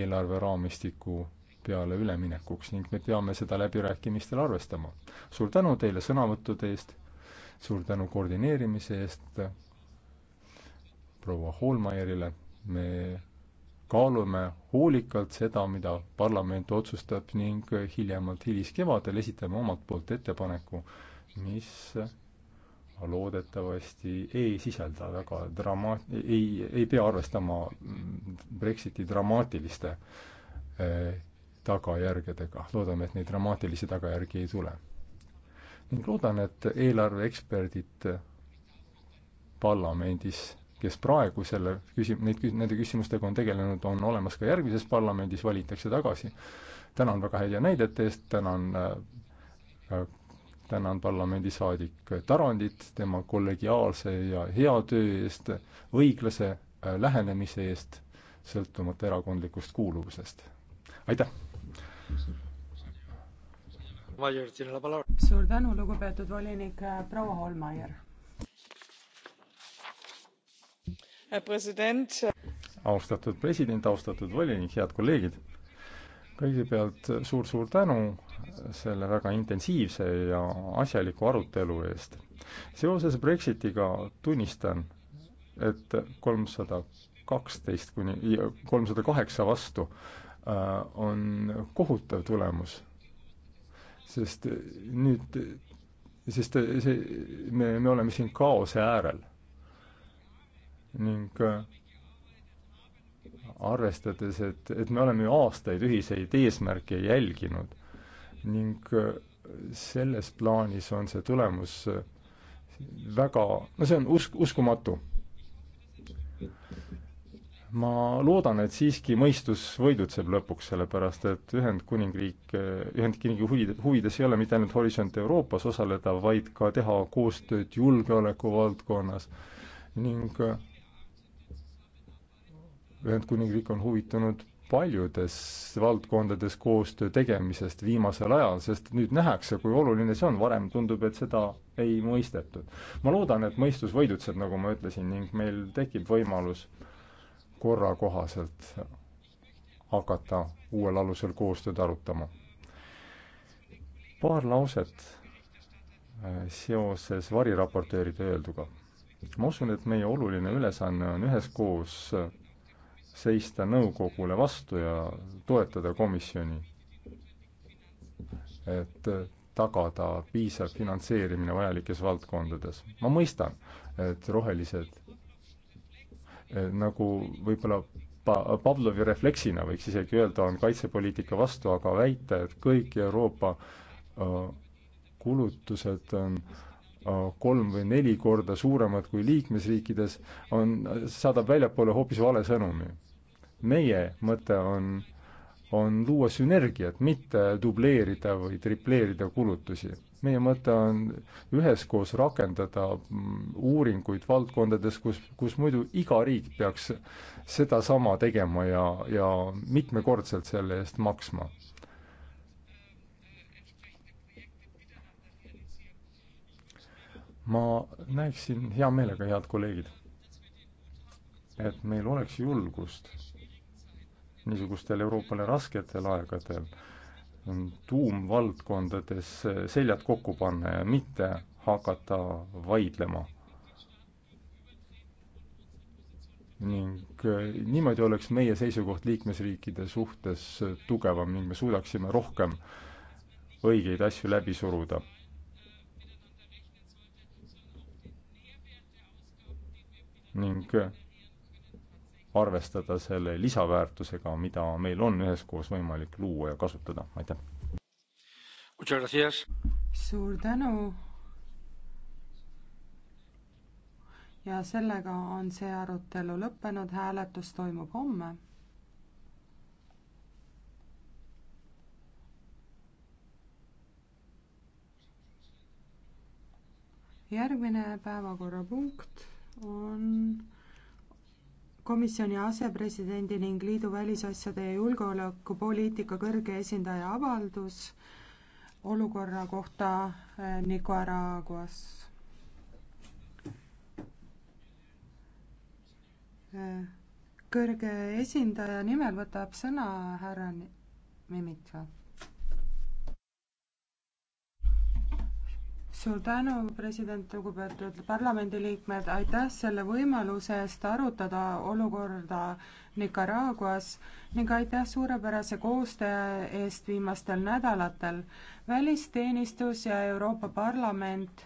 eelarveraamistiku peale üleminekuks ning me peame seda läbirääkimistel arvestama. suur tänu teile sõnavõttude eest, suur tänu koordineerimise eest proua Hoolmeierile, me kaalume hoolikalt seda, mida parlament otsustab ning hiljemalt hiliskevadel esitame omalt poolt ettepaneku mis loodetavasti ei sisalda väga drama-, ei, ei pea arvestama Brexiti dramaatiliste eh, tagajärgedega. loodame, et neid dramaatilisi tagajärgi ei tule. ning loodan, et eelarveeksperdid parlamendis, kes praegu selle küsim-, neid, nende küsimustega on tegelenud, on olemas ka järgmises parlamendis, valitakse tagasi. tänan väga häid ja näidete eest, tänan eh, tänan parlamendisaadik Tarandit tema kollegiaalse ja hea töö eest, õiglase äh, lähenemise eest, sõltumata erakondlikust kuuluvusest. aitäh! suur tänu, lugupeetud volinik äh, proua Holmeier! austatud president, austatud volinik, head kolleegid! kõigepealt suur-suur tänu selle väga intensiivse ja asjaliku arutelu eest. seoses Brexitiga tunnistan, et kolmsada kaksteist kuni kolmsada kaheksa vastu äh, on kohutav tulemus. sest nüüd, sest see, me, me oleme siin kaose äärel. ning äh, arvestades, et, et me oleme ju aastaid ühiseid eesmärke jälginud ning äh, selles plaanis on see tulemus äh, väga, no see on usk, uskumatu. ma loodan, et siiski mõistus võidutseb lõpuks, sellepärast et Ühendkuningriik, äh, Ühendkuningriigi huvide, huvides ei ole mitte ainult Horisont Euroopas osaleda, vaid ka teha koostööd julgeoleku valdkonnas ning Ühendkuningriik on huvitunud paljudes valdkondades koostöö tegemisest viimasel ajal, sest nüüd nähakse, kui oluline see on, varem tundub, et seda ei mõistetud. ma loodan, et mõistus võidutseb, nagu ma ütlesin, ning meil tekib võimalus korrakohaselt hakata uuel alusel koostööd arutama. paar lauset äh, seoses variraportööride öelduga. ma usun, et meie oluline ülesanne on üheskoos seista nõukogule vastu ja toetada komisjoni, et tagada piisav finantseerimine vajalikes valdkondades. ma mõistan, et rohelised eh, nagu võib-olla pa-, Pavlovi refleksina võiks isegi öelda, on kaitsepoliitika vastu, aga väita, et kõik Euroopa eh, kulutused on eh, kolm või neli korda suuremad kui liikmesriikides, on, saadab väljapoole hoopis vale sõnumi meie mõte on, on luua sünergiat, mitte dubleerida või tripleerida kulutusi. meie mõte on üheskoos rakendada mm, uuringuid valdkondades, kus, kus muidu iga riik peaks sedasama tegema ja, ja mitmekordselt selle eest maksma ma näeksin hea meelega, head kolleegid, et meil oleks julgust niisugustel Euroopale rasketel aegadel tuumvaldkondades seljad kokku panna ja mitte hakata vaidlema. ning äh, niimoodi oleks meie seisukoht liikmesriikide suhtes tugevam ning me suudaksime rohkem õigeid asju läbi suruda ning äh, arvestada selle lisaväärtusega, mida meil on üheskoos võimalik luua ja kasutada, aitäh. suur tänu. ja sellega on see arutelu lõppenud, hääletus toimub homme järgmine päevakorrapunkt on komisjoni asepresidendi ning liidu välisasjade ja julgeolekupoliitika kõrge esindaja avaldus olukorra kohta äh, Nicaraguas. Äh, kõrge esindaja nimel võtab sõna härra Mimitsa suur tänu, president, lugupeetud parlamendiliikmed, aitäh selle võimaluse eest arutada olukorda Nicaraguas ning aitäh suurepärase koostöö eest viimastel nädalatel. välisteenistus ja Euroopa Parlament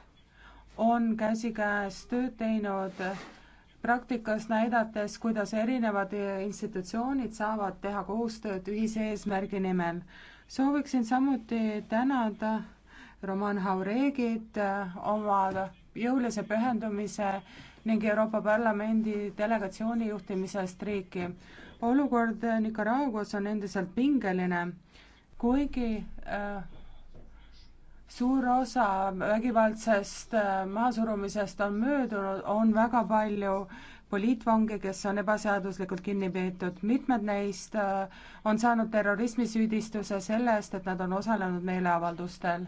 on käsikäes tööd teinud praktikas näidates, kuidas erinevad institutsioonid saavad teha koostööd ühise eesmärgi nimel. sooviksin samuti tänada Roman Hauregid äh, oma jõulise pühendumise ning Euroopa Parlamendi delegatsiooni juhtimisest riiki. olukord Nicaraguas on endiselt pingeline, kuigi äh, suur osa vägivaldsest äh, mahasurumisest on möödunud, on väga palju poliitvange, kes on ebaseaduslikult kinni peetud. mitmed neist äh, on saanud terrorismisüüdistuse selle eest, et nad on osalenud meeleavaldustel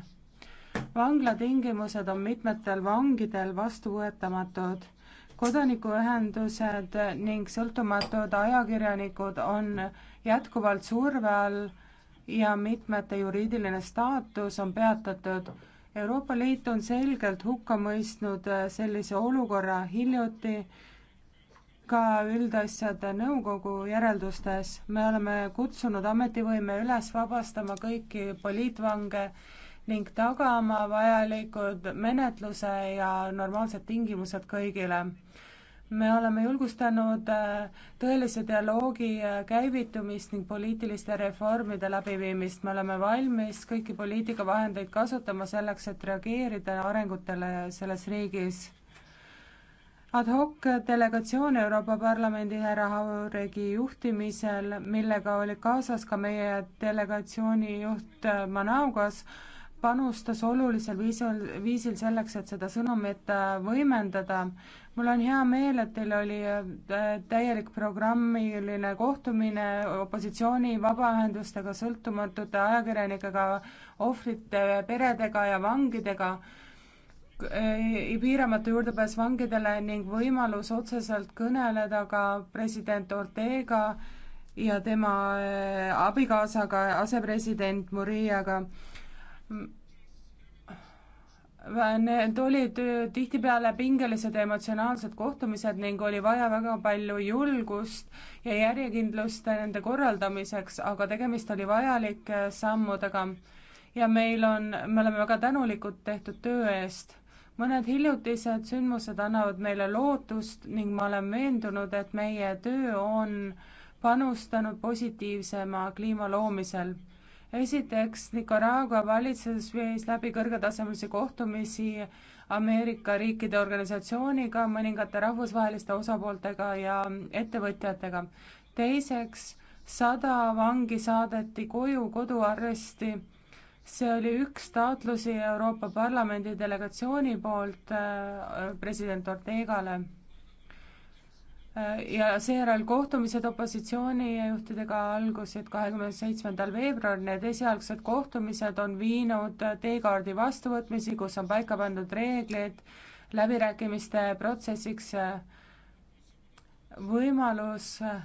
vanglatingimused on mitmetel vangidel vastuvõetamatud. kodanikuühendused ning sõltumatud ajakirjanikud on jätkuvalt surve all ja mitmete juriidiline staatus on peatatud. Euroopa Liit on selgelt hukka mõistnud sellise olukorra hiljuti ka üldasjade nõukogu järeldustes. me oleme kutsunud ametivõime üles vabastama kõiki poliitvange ning tagama vajalikud menetluse ja normaalsed tingimused kõigile. me oleme julgustanud äh, tõelise dialoogi äh, käivitumist ning poliitiliste reformide läbiviimist, me oleme valmis kõiki poliitikavahendeid kasutama selleks, et reageerida arengutele selles riigis ad hoc delegatsioon Euroopa Parlamendi härra Hauregi juhtimisel, millega olid kaasas ka meie delegatsiooni juht äh, Manaugas, panustas olulisel viisil, viisil selleks, et seda sõnumit äh, võimendada. mul on hea meel, et teil oli äh, täielik programmiline kohtumine opositsiooni, vabaühendustega, sõltumatute ajakirjanikega, ohvrite peredega ja vangidega äh, piiramatu juurdepääs vangidele ning võimalus otseselt kõneleda ka president Ortega ja tema abikaasaga, asepresident Murillaga Need olid tihtipeale pingelised ja emotsionaalsed kohtumised ning oli vaja väga palju julgust ja järjekindlust nende korraldamiseks, aga tegemist oli vajalike sammudega. ja meil on, me oleme väga tänulikud tehtud töö eest. mõned hiljutised sündmused annavad meile lootust ning ma olen veendunud, et meie töö on panustanud positiivsema kliima loomisel esiteks, Nicaragua valitsus viis läbi kõrgetasemelisi kohtumisi Ameerika riikide organisatsiooniga, mõningate rahvusvaheliste osapooltega ja ettevõtjatega. teiseks, sada vangi saadeti koju koduarresti. see oli üks taotlusi Euroopa Parlamendi delegatsiooni poolt äh, president Ortegale ja seejärel kohtumised opositsioonijuhtidega algusid kahekümne seitsmendal veebruaril, need esialgsed kohtumised on viinud teekaardi vastuvõtmisi, kus on paika pandud reeglid läbirääkimiste protsessiks, võimalus äh,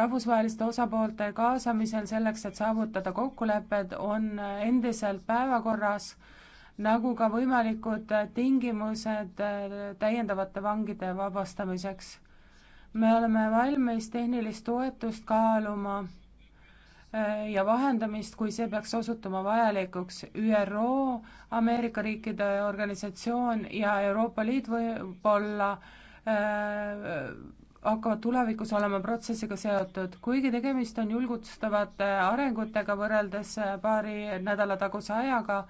rahvusvaheliste osapoolte kaasamisel selleks, et saavutada kokkulepped, on endiselt päevakorras nagu ka võimalikud tingimused täiendavate vangide vabastamiseks. me oleme valmis tehnilist toetust kaaluma eh, ja vahendamist, kui see peaks osutuma vajalikuks. ÜRO, Ameerika riikide organisatsioon ja Euroopa Liit võib-olla äh, hakkavad tulevikus olema protsessiga seotud. kuigi tegemist on julgustavate arengutega võrreldes eh, paari nädala taguse ajaga,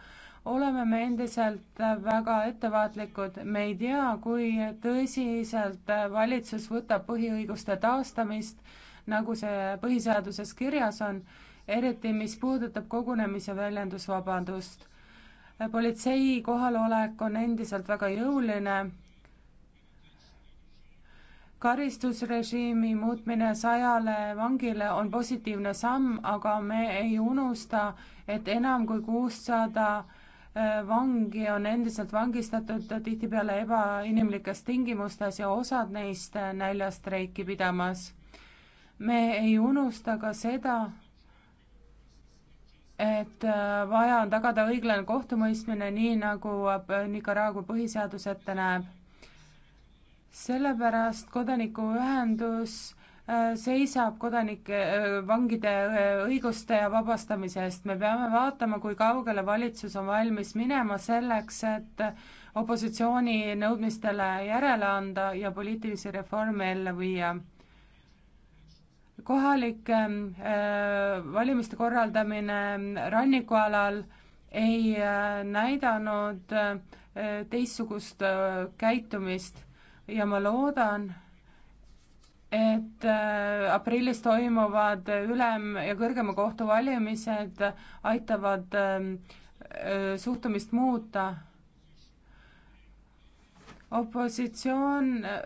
oleme me endiselt väga ettevaatlikud, me ei tea, kui tõsiselt valitsus võtab põhiõiguste taastamist, nagu see põhiseaduses kirjas on, eriti mis puudutab kogunemise väljendusvabadust. politsei kohalolek on endiselt väga jõuline, karistusrežiimi muutmine sajale vangile on positiivne samm, aga me ei unusta, et enam kui kuussada 600 vangi on endiselt vangistatud tihtipeale ebainimlikes tingimustes ja osad neist näljastreiki pidamas. me ei unusta ka seda, et äh, vaja on tagada õiglane kohtumõistmine, nii nagu äh, Nicaragua põhiseadus ette näeb. sellepärast kodanikuühendus seisab kodanike, vangide õiguste ja vabastamise eest. me peame vaatama, kui kaugele valitsus on valmis minema selleks, et opositsiooni nõudmistele järele anda ja poliitilisi reforme ellu viia. kohalike äh, valimiste korraldamine rannikualal ei äh, näidanud äh, teistsugust käitumist ja ma loodan, et äh, aprillis toimuvad ülem- ja kõrgema kohtu valimised aitavad ähm, äh, suhtumist muuta. opositsioon äh,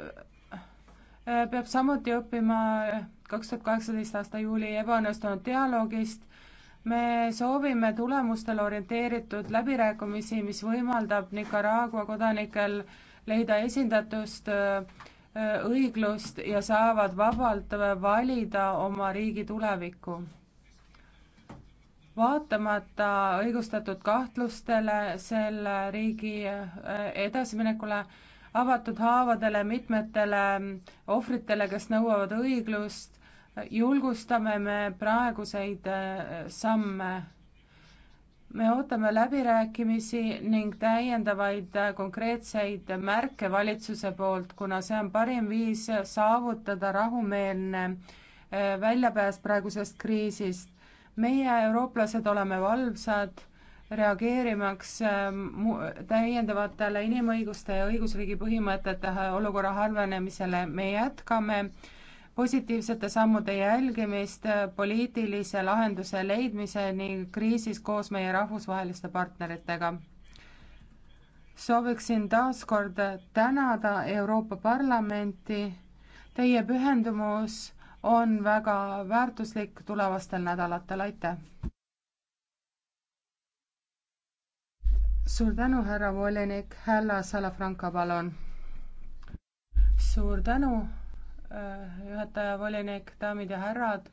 peab samuti õppima kaks tuhat kaheksateist aasta juuli ebaõnnestunud dialoogist. me soovime tulemustele orienteeritud läbirääkimisi, mis võimaldab Nicaragua kodanikel leida esindatust äh, Äh, õiglust ja saavad vabalt äh, valida oma riigi tulevikku. vaatamata õigustatud kahtlustele selle riigi äh, edasiminekule, avatud haavadele, mitmetele mm, ohvritele, kes nõuavad õiglust, julgustame me praeguseid samme me ootame läbirääkimisi ning täiendavaid konkreetseid märke valitsuse poolt, kuna see on parim viis saavutada rahumeelne eh, väljapääs praegusest kriisist. meie, eurooplased, oleme valvsad reageerimaks eh, täiendavatele inimõiguste ja õigusriigi põhimõtete eh, olukorra halvenemisele. me jätkame äh, positiivsete sammude jälgimist poliitilise lahenduse leidmiseni kriisis koos meie rahvusvaheliste partneritega. sooviksin taas kord tänada Euroopa Parlamenti. Teie pühendumus on väga väärtuslik tulevastel nädalatel, aitäh! suur tänu, härra volinik, härra Salafranca, palun! suur tänu! Äh, juhataja, volinik, daamid ja härrad.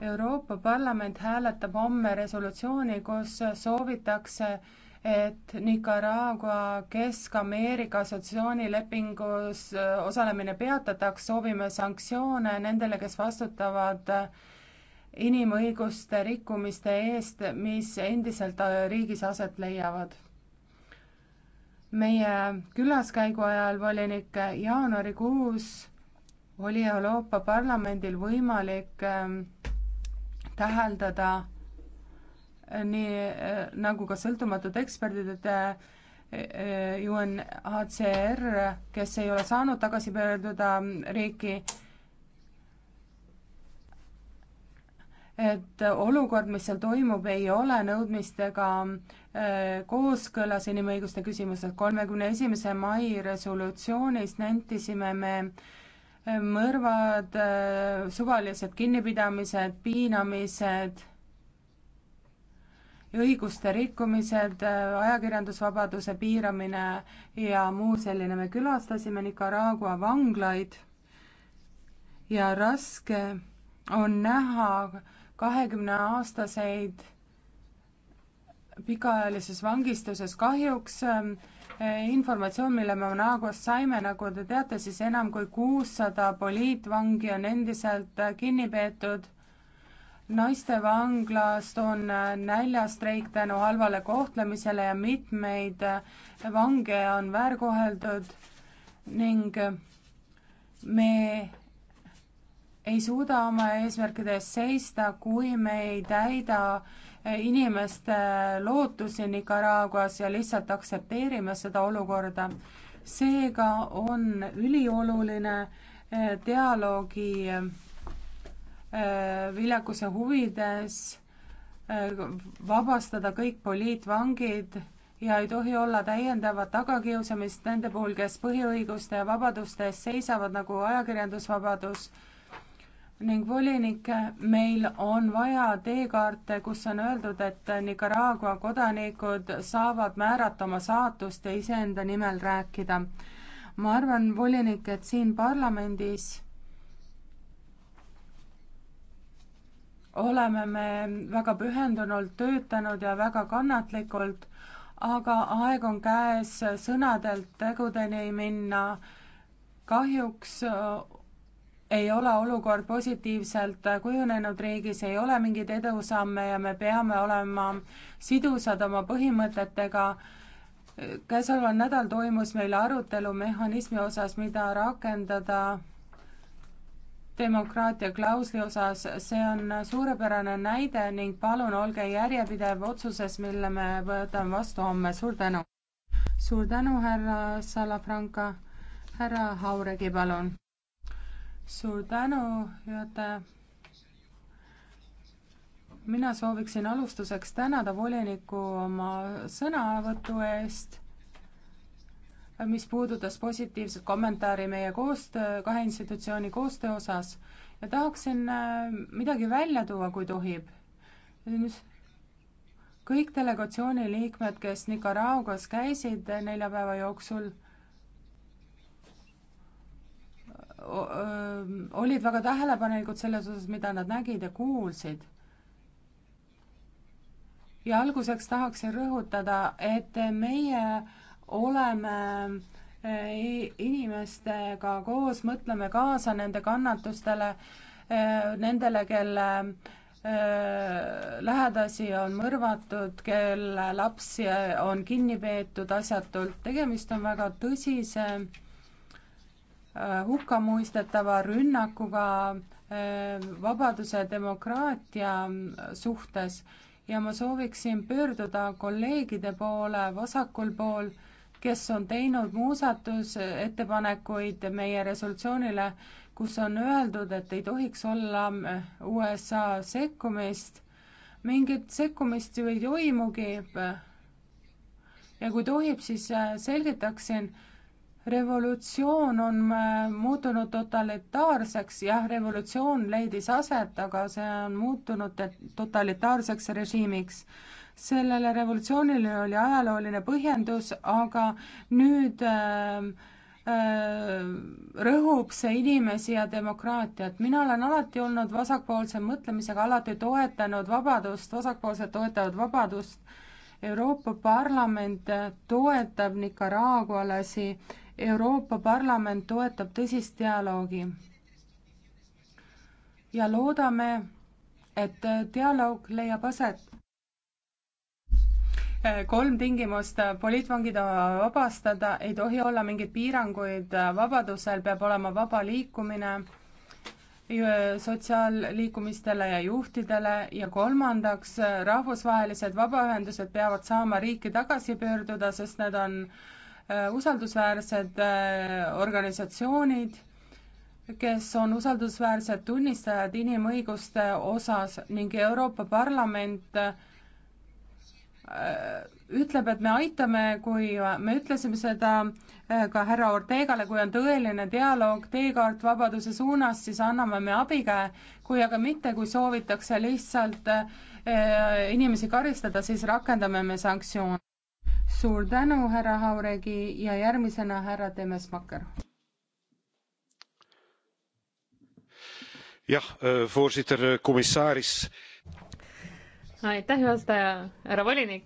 Euroopa Parlament hääletab homme resolutsiooni, kus soovitakse, et Nicaragua Kesk-Ameerika assotsiatsioonilepingus äh, osalemine peatataks, soovime sanktsioone nendele, kes vastutavad äh, inimõiguste rikkumiste eest, mis endiselt riigis aset leiavad. meie külaskäigu ajal volinik jaanuarikuus oli Euroopa Parlamendil võimalik ähm, täheldada äh, nii äh, nagu ka sõltumatud eksperdid, et äh, UNHCR, kes ei ole saanud tagasi pöörduda ähm, riiki, et olukord, mis seal toimub, ei ole nõudmistega kooskõlas inimõiguste küsimuses. kolmekümne esimese mai resolutsioonis nentisime me mõrvad, äh, suvalised kinnipidamised, piinamised, õiguste rikkumised, äh, ajakirjandusvabaduse piiramine ja muu selline. me külastasime Nicaragua vanglaid ja raske on näha kahekümneaastaseid pikaajalises vangistuses. kahjuks äh, Eh, informatsioon, mille me Managost saime, nagu te teate, siis enam kui kuussada poliitvangi on endiselt eh, kinni peetud. naistevanglast on eh, näljastreik tänu halvale kohtlemisele ja mitmeid vange on väärkoheldud ning me ei suuda oma eesmärkide eest seista, kui me ei täida äh, inimeste lootusi Nicaraguas ja lihtsalt aktsepteerime seda olukorda. seega on ülioluline eh, dialoogi eh, viljakuse huvides eh, vabastada kõik poliitvangid ja ei tohi olla täiendavat tagakiusamist nende puhul, kes põhiõiguste ja vabaduste eest seisavad, nagu ajakirjandusvabadus ning volinik, meil on vaja teekaarte, kus on öeldud, et Nicaragua kodanikud saavad määrata oma saatust ja iseenda nimel rääkida. ma arvan, volinik, et siin parlamendis oleme me väga pühendunult töötanud ja väga kannatlikult, aga aeg on käes sõnadelt tegudeni minna. kahjuks ei ole olukord positiivselt kujunenud riigis, ei ole mingeid edusamme ja me peame olema sidusad oma põhimõtetega. käesoleval nädalal toimus meil arutelu mehhanismi osas, mida rakendada demokraatia klausli osas, see on suurepärane näide ning palun olge järjepidev otsuses, mille me võtame vastu homme, suur tänu. suur tänu, härra Salafranca, härra Hauregi, palun suur tänu, juhataja. mina sooviksin alustuseks tänada volinikku oma sõnavõtu eest, mis puudutas positiivset kommentaari meie koostöö, kahe institutsiooni koostöö osas ja tahaksin äh, midagi välja tuua, kui tohib kõik delegatsiooni liikmed, kes Nicaraguas käisid neljapäeva jooksul, olid väga tähelepanelikud selles osas, mida nad nägid ja kuulsid. ja alguseks tahaksin rõhutada, et meie oleme e, inimestega koos, mõtleme kaasa nende kannatustele, e, nendele, kelle e, lähedasi on mõrvatud, kelle lapsi on kinni peetud asjatult, tegemist on väga tõsise Äh, hukkamõistetava rünnakuga äh, vabaduse ja demokraatia äh, suhtes ja ma sooviksin pöörduda kolleegide poole vasakul pool, kes on teinud muudatusettepanekuid meie resolutsioonile, kus on öeldud, et ei tohiks olla USA sekkumist. mingit sekkumist ju ei toimugi. ja kui tohib, siis selgitaksin revolutsioon on äh, muutunud totalitaarseks, jah, revolutsioon leidis aset, aga see on muutunud totalitaarseks režiimiks. sellele revolutsioonile oli ajalooline põhjendus, aga nüüd äh, äh, rõhub see inimesi ja demokraatiat. mina olen alati olnud vasakpoolse mõtlemisega, alati toetanud vabadust, vasakpoolsed toetavad vabadust. Euroopa Parlament toetab nicaragualasi Euroopa Parlament toetab tõsist dialoogi ja loodame, et dialoog leiab aset. kolm tingimust, poliitvangid vabastada, ei tohi olla mingeid piiranguid vabadusel, peab olema vaba liikumine sotsiaalliikumistele ja juhtidele ja kolmandaks, rahvusvahelised vabaühendused peavad saama riiki tagasi pöörduda, sest need on äh, Äh, usaldusväärsed äh, organisatsioonid, kes on usaldusväärsed tunnistajad inimõiguste osas ning Euroopa Parlament äh, ütleb, et me aitame, kui me ütlesime seda ka härra Ortegale, kui on tõeline dialoog, teekaart vabaduse suunas, siis anname me abikäe, kui aga mitte, kui soovitakse lihtsalt inimesi karistada, siis rakendame me sanktsioone suur tänu, härra Hauregi ja järgmisena härra Temesmaker. jah, äh, voorzitter, äh, komissaris. aitäh, juhataja, härra volinik.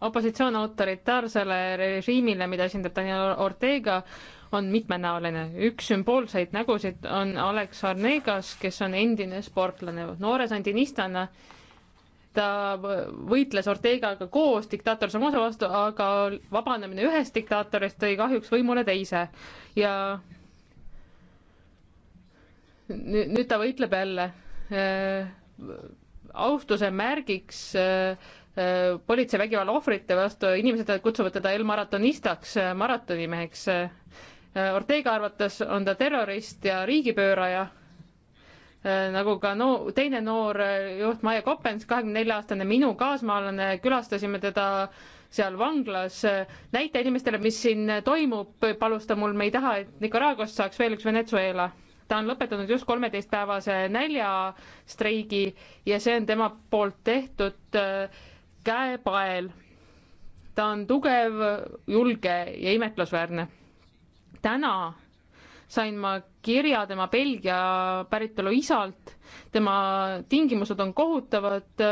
opositsioon autoritaarsele režiimile, mida esindab Daniel Ortega, on mitmenäoline. üks sümboolseid nägusid on Alex Arnegas, kes on endine sportlane, noore sandinistana ta võitles Ortegaga koos diktaator Somoza vastu, aga vabanemine ühest diktaatorist tõi kahjuks võimule teise ja nüüd ta võitleb jälle äh, austuse märgiks äh, äh, politseivägivalla ohvrite vastu, inimesed kutsuvad teda El Maratonistaks, maratonimeheks. Ortega arvates on ta terrorist ja riigipööraja Äh, nagu ka no teine noor äh, juht Maie Koppens, kahekümne nelja aastane minu kaasmaalane, külastasime teda seal vanglas. Äh, näita inimestele, mis siin toimub, palus ta mul, me ei taha, et Nicaraguast saaks veel üks Venezuela. ta on lõpetanud just kolmeteistpäevase näljastreigi ja see on tema poolt tehtud käepael. ta on tugev, julge ja imetlusväärne. täna sain ma kirja tema Belgia päritolu isalt. tema tingimused on kohutavad.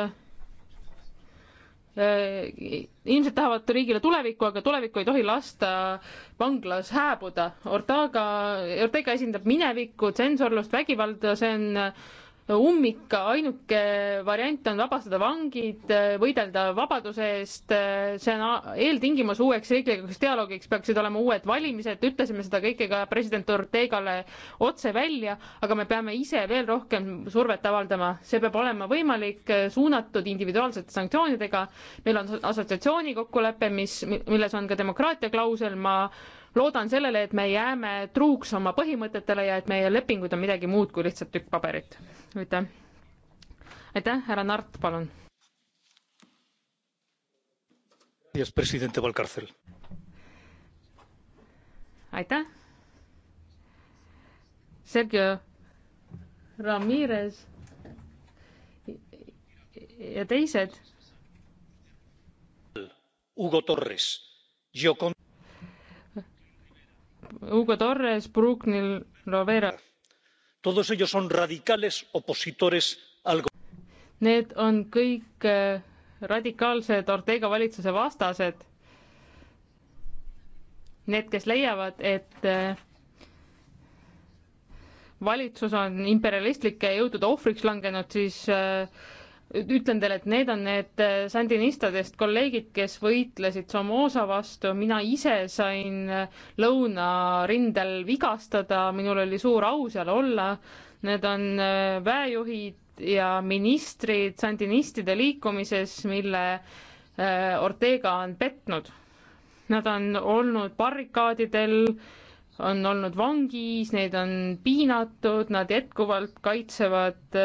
ilmselt tahavad riigile tulevikku, aga tulevikku ei tohi lasta vanglas hääbuda. Ortega, Ortega esindab minevikku, tsensorlust, vägivalda, see on ummik, ainuke variant on vabastada vangid, võidelda vabaduse eest, see on eeltingimus uueks riiklikuks dialoogiks, peaksid olema uued valimised, ütlesime seda kõike ka president Ortegale otse välja, aga me peame ise veel rohkem survet avaldama, see peab olema võimalik, eh, suunatud individuaalsete sanktsioonidega, meil on assotsiatsiooni kokkulepe, mis, milles on ka demokraatia klausel, ma loodan sellele, et me jääme truuks oma põhimõtetele ja et meie lepingud on midagi muud kui lihtsalt tükk paberit. aitäh. aitäh, härra Nart, palun. aitäh. Sergio Ramirez ja teised. Hugo Torres, Giocondo Hugo Torres, Brucknil, Rovera. Todos ellos on radicales opositores al. Need on kõik eh, radikaalsed Ortega valitsuse vastased. Need, kes leiavad, et eh, valitsus on imperialistlike jõudude ohvriks langenud, siis äh, ütlen teile, et need on need äh, sandinistadest kolleegid, kes võitlesid Somoza vastu, mina ise sain äh, lõunarindel vigastada, minul oli suur au seal olla. Need on äh, väejuhid ja ministrid sandinistide liikumises, mille Ortega on petnud. Nad on olnud barrikaadidel, on olnud vangis, neid on piinatud, nad jätkuvalt kaitsevad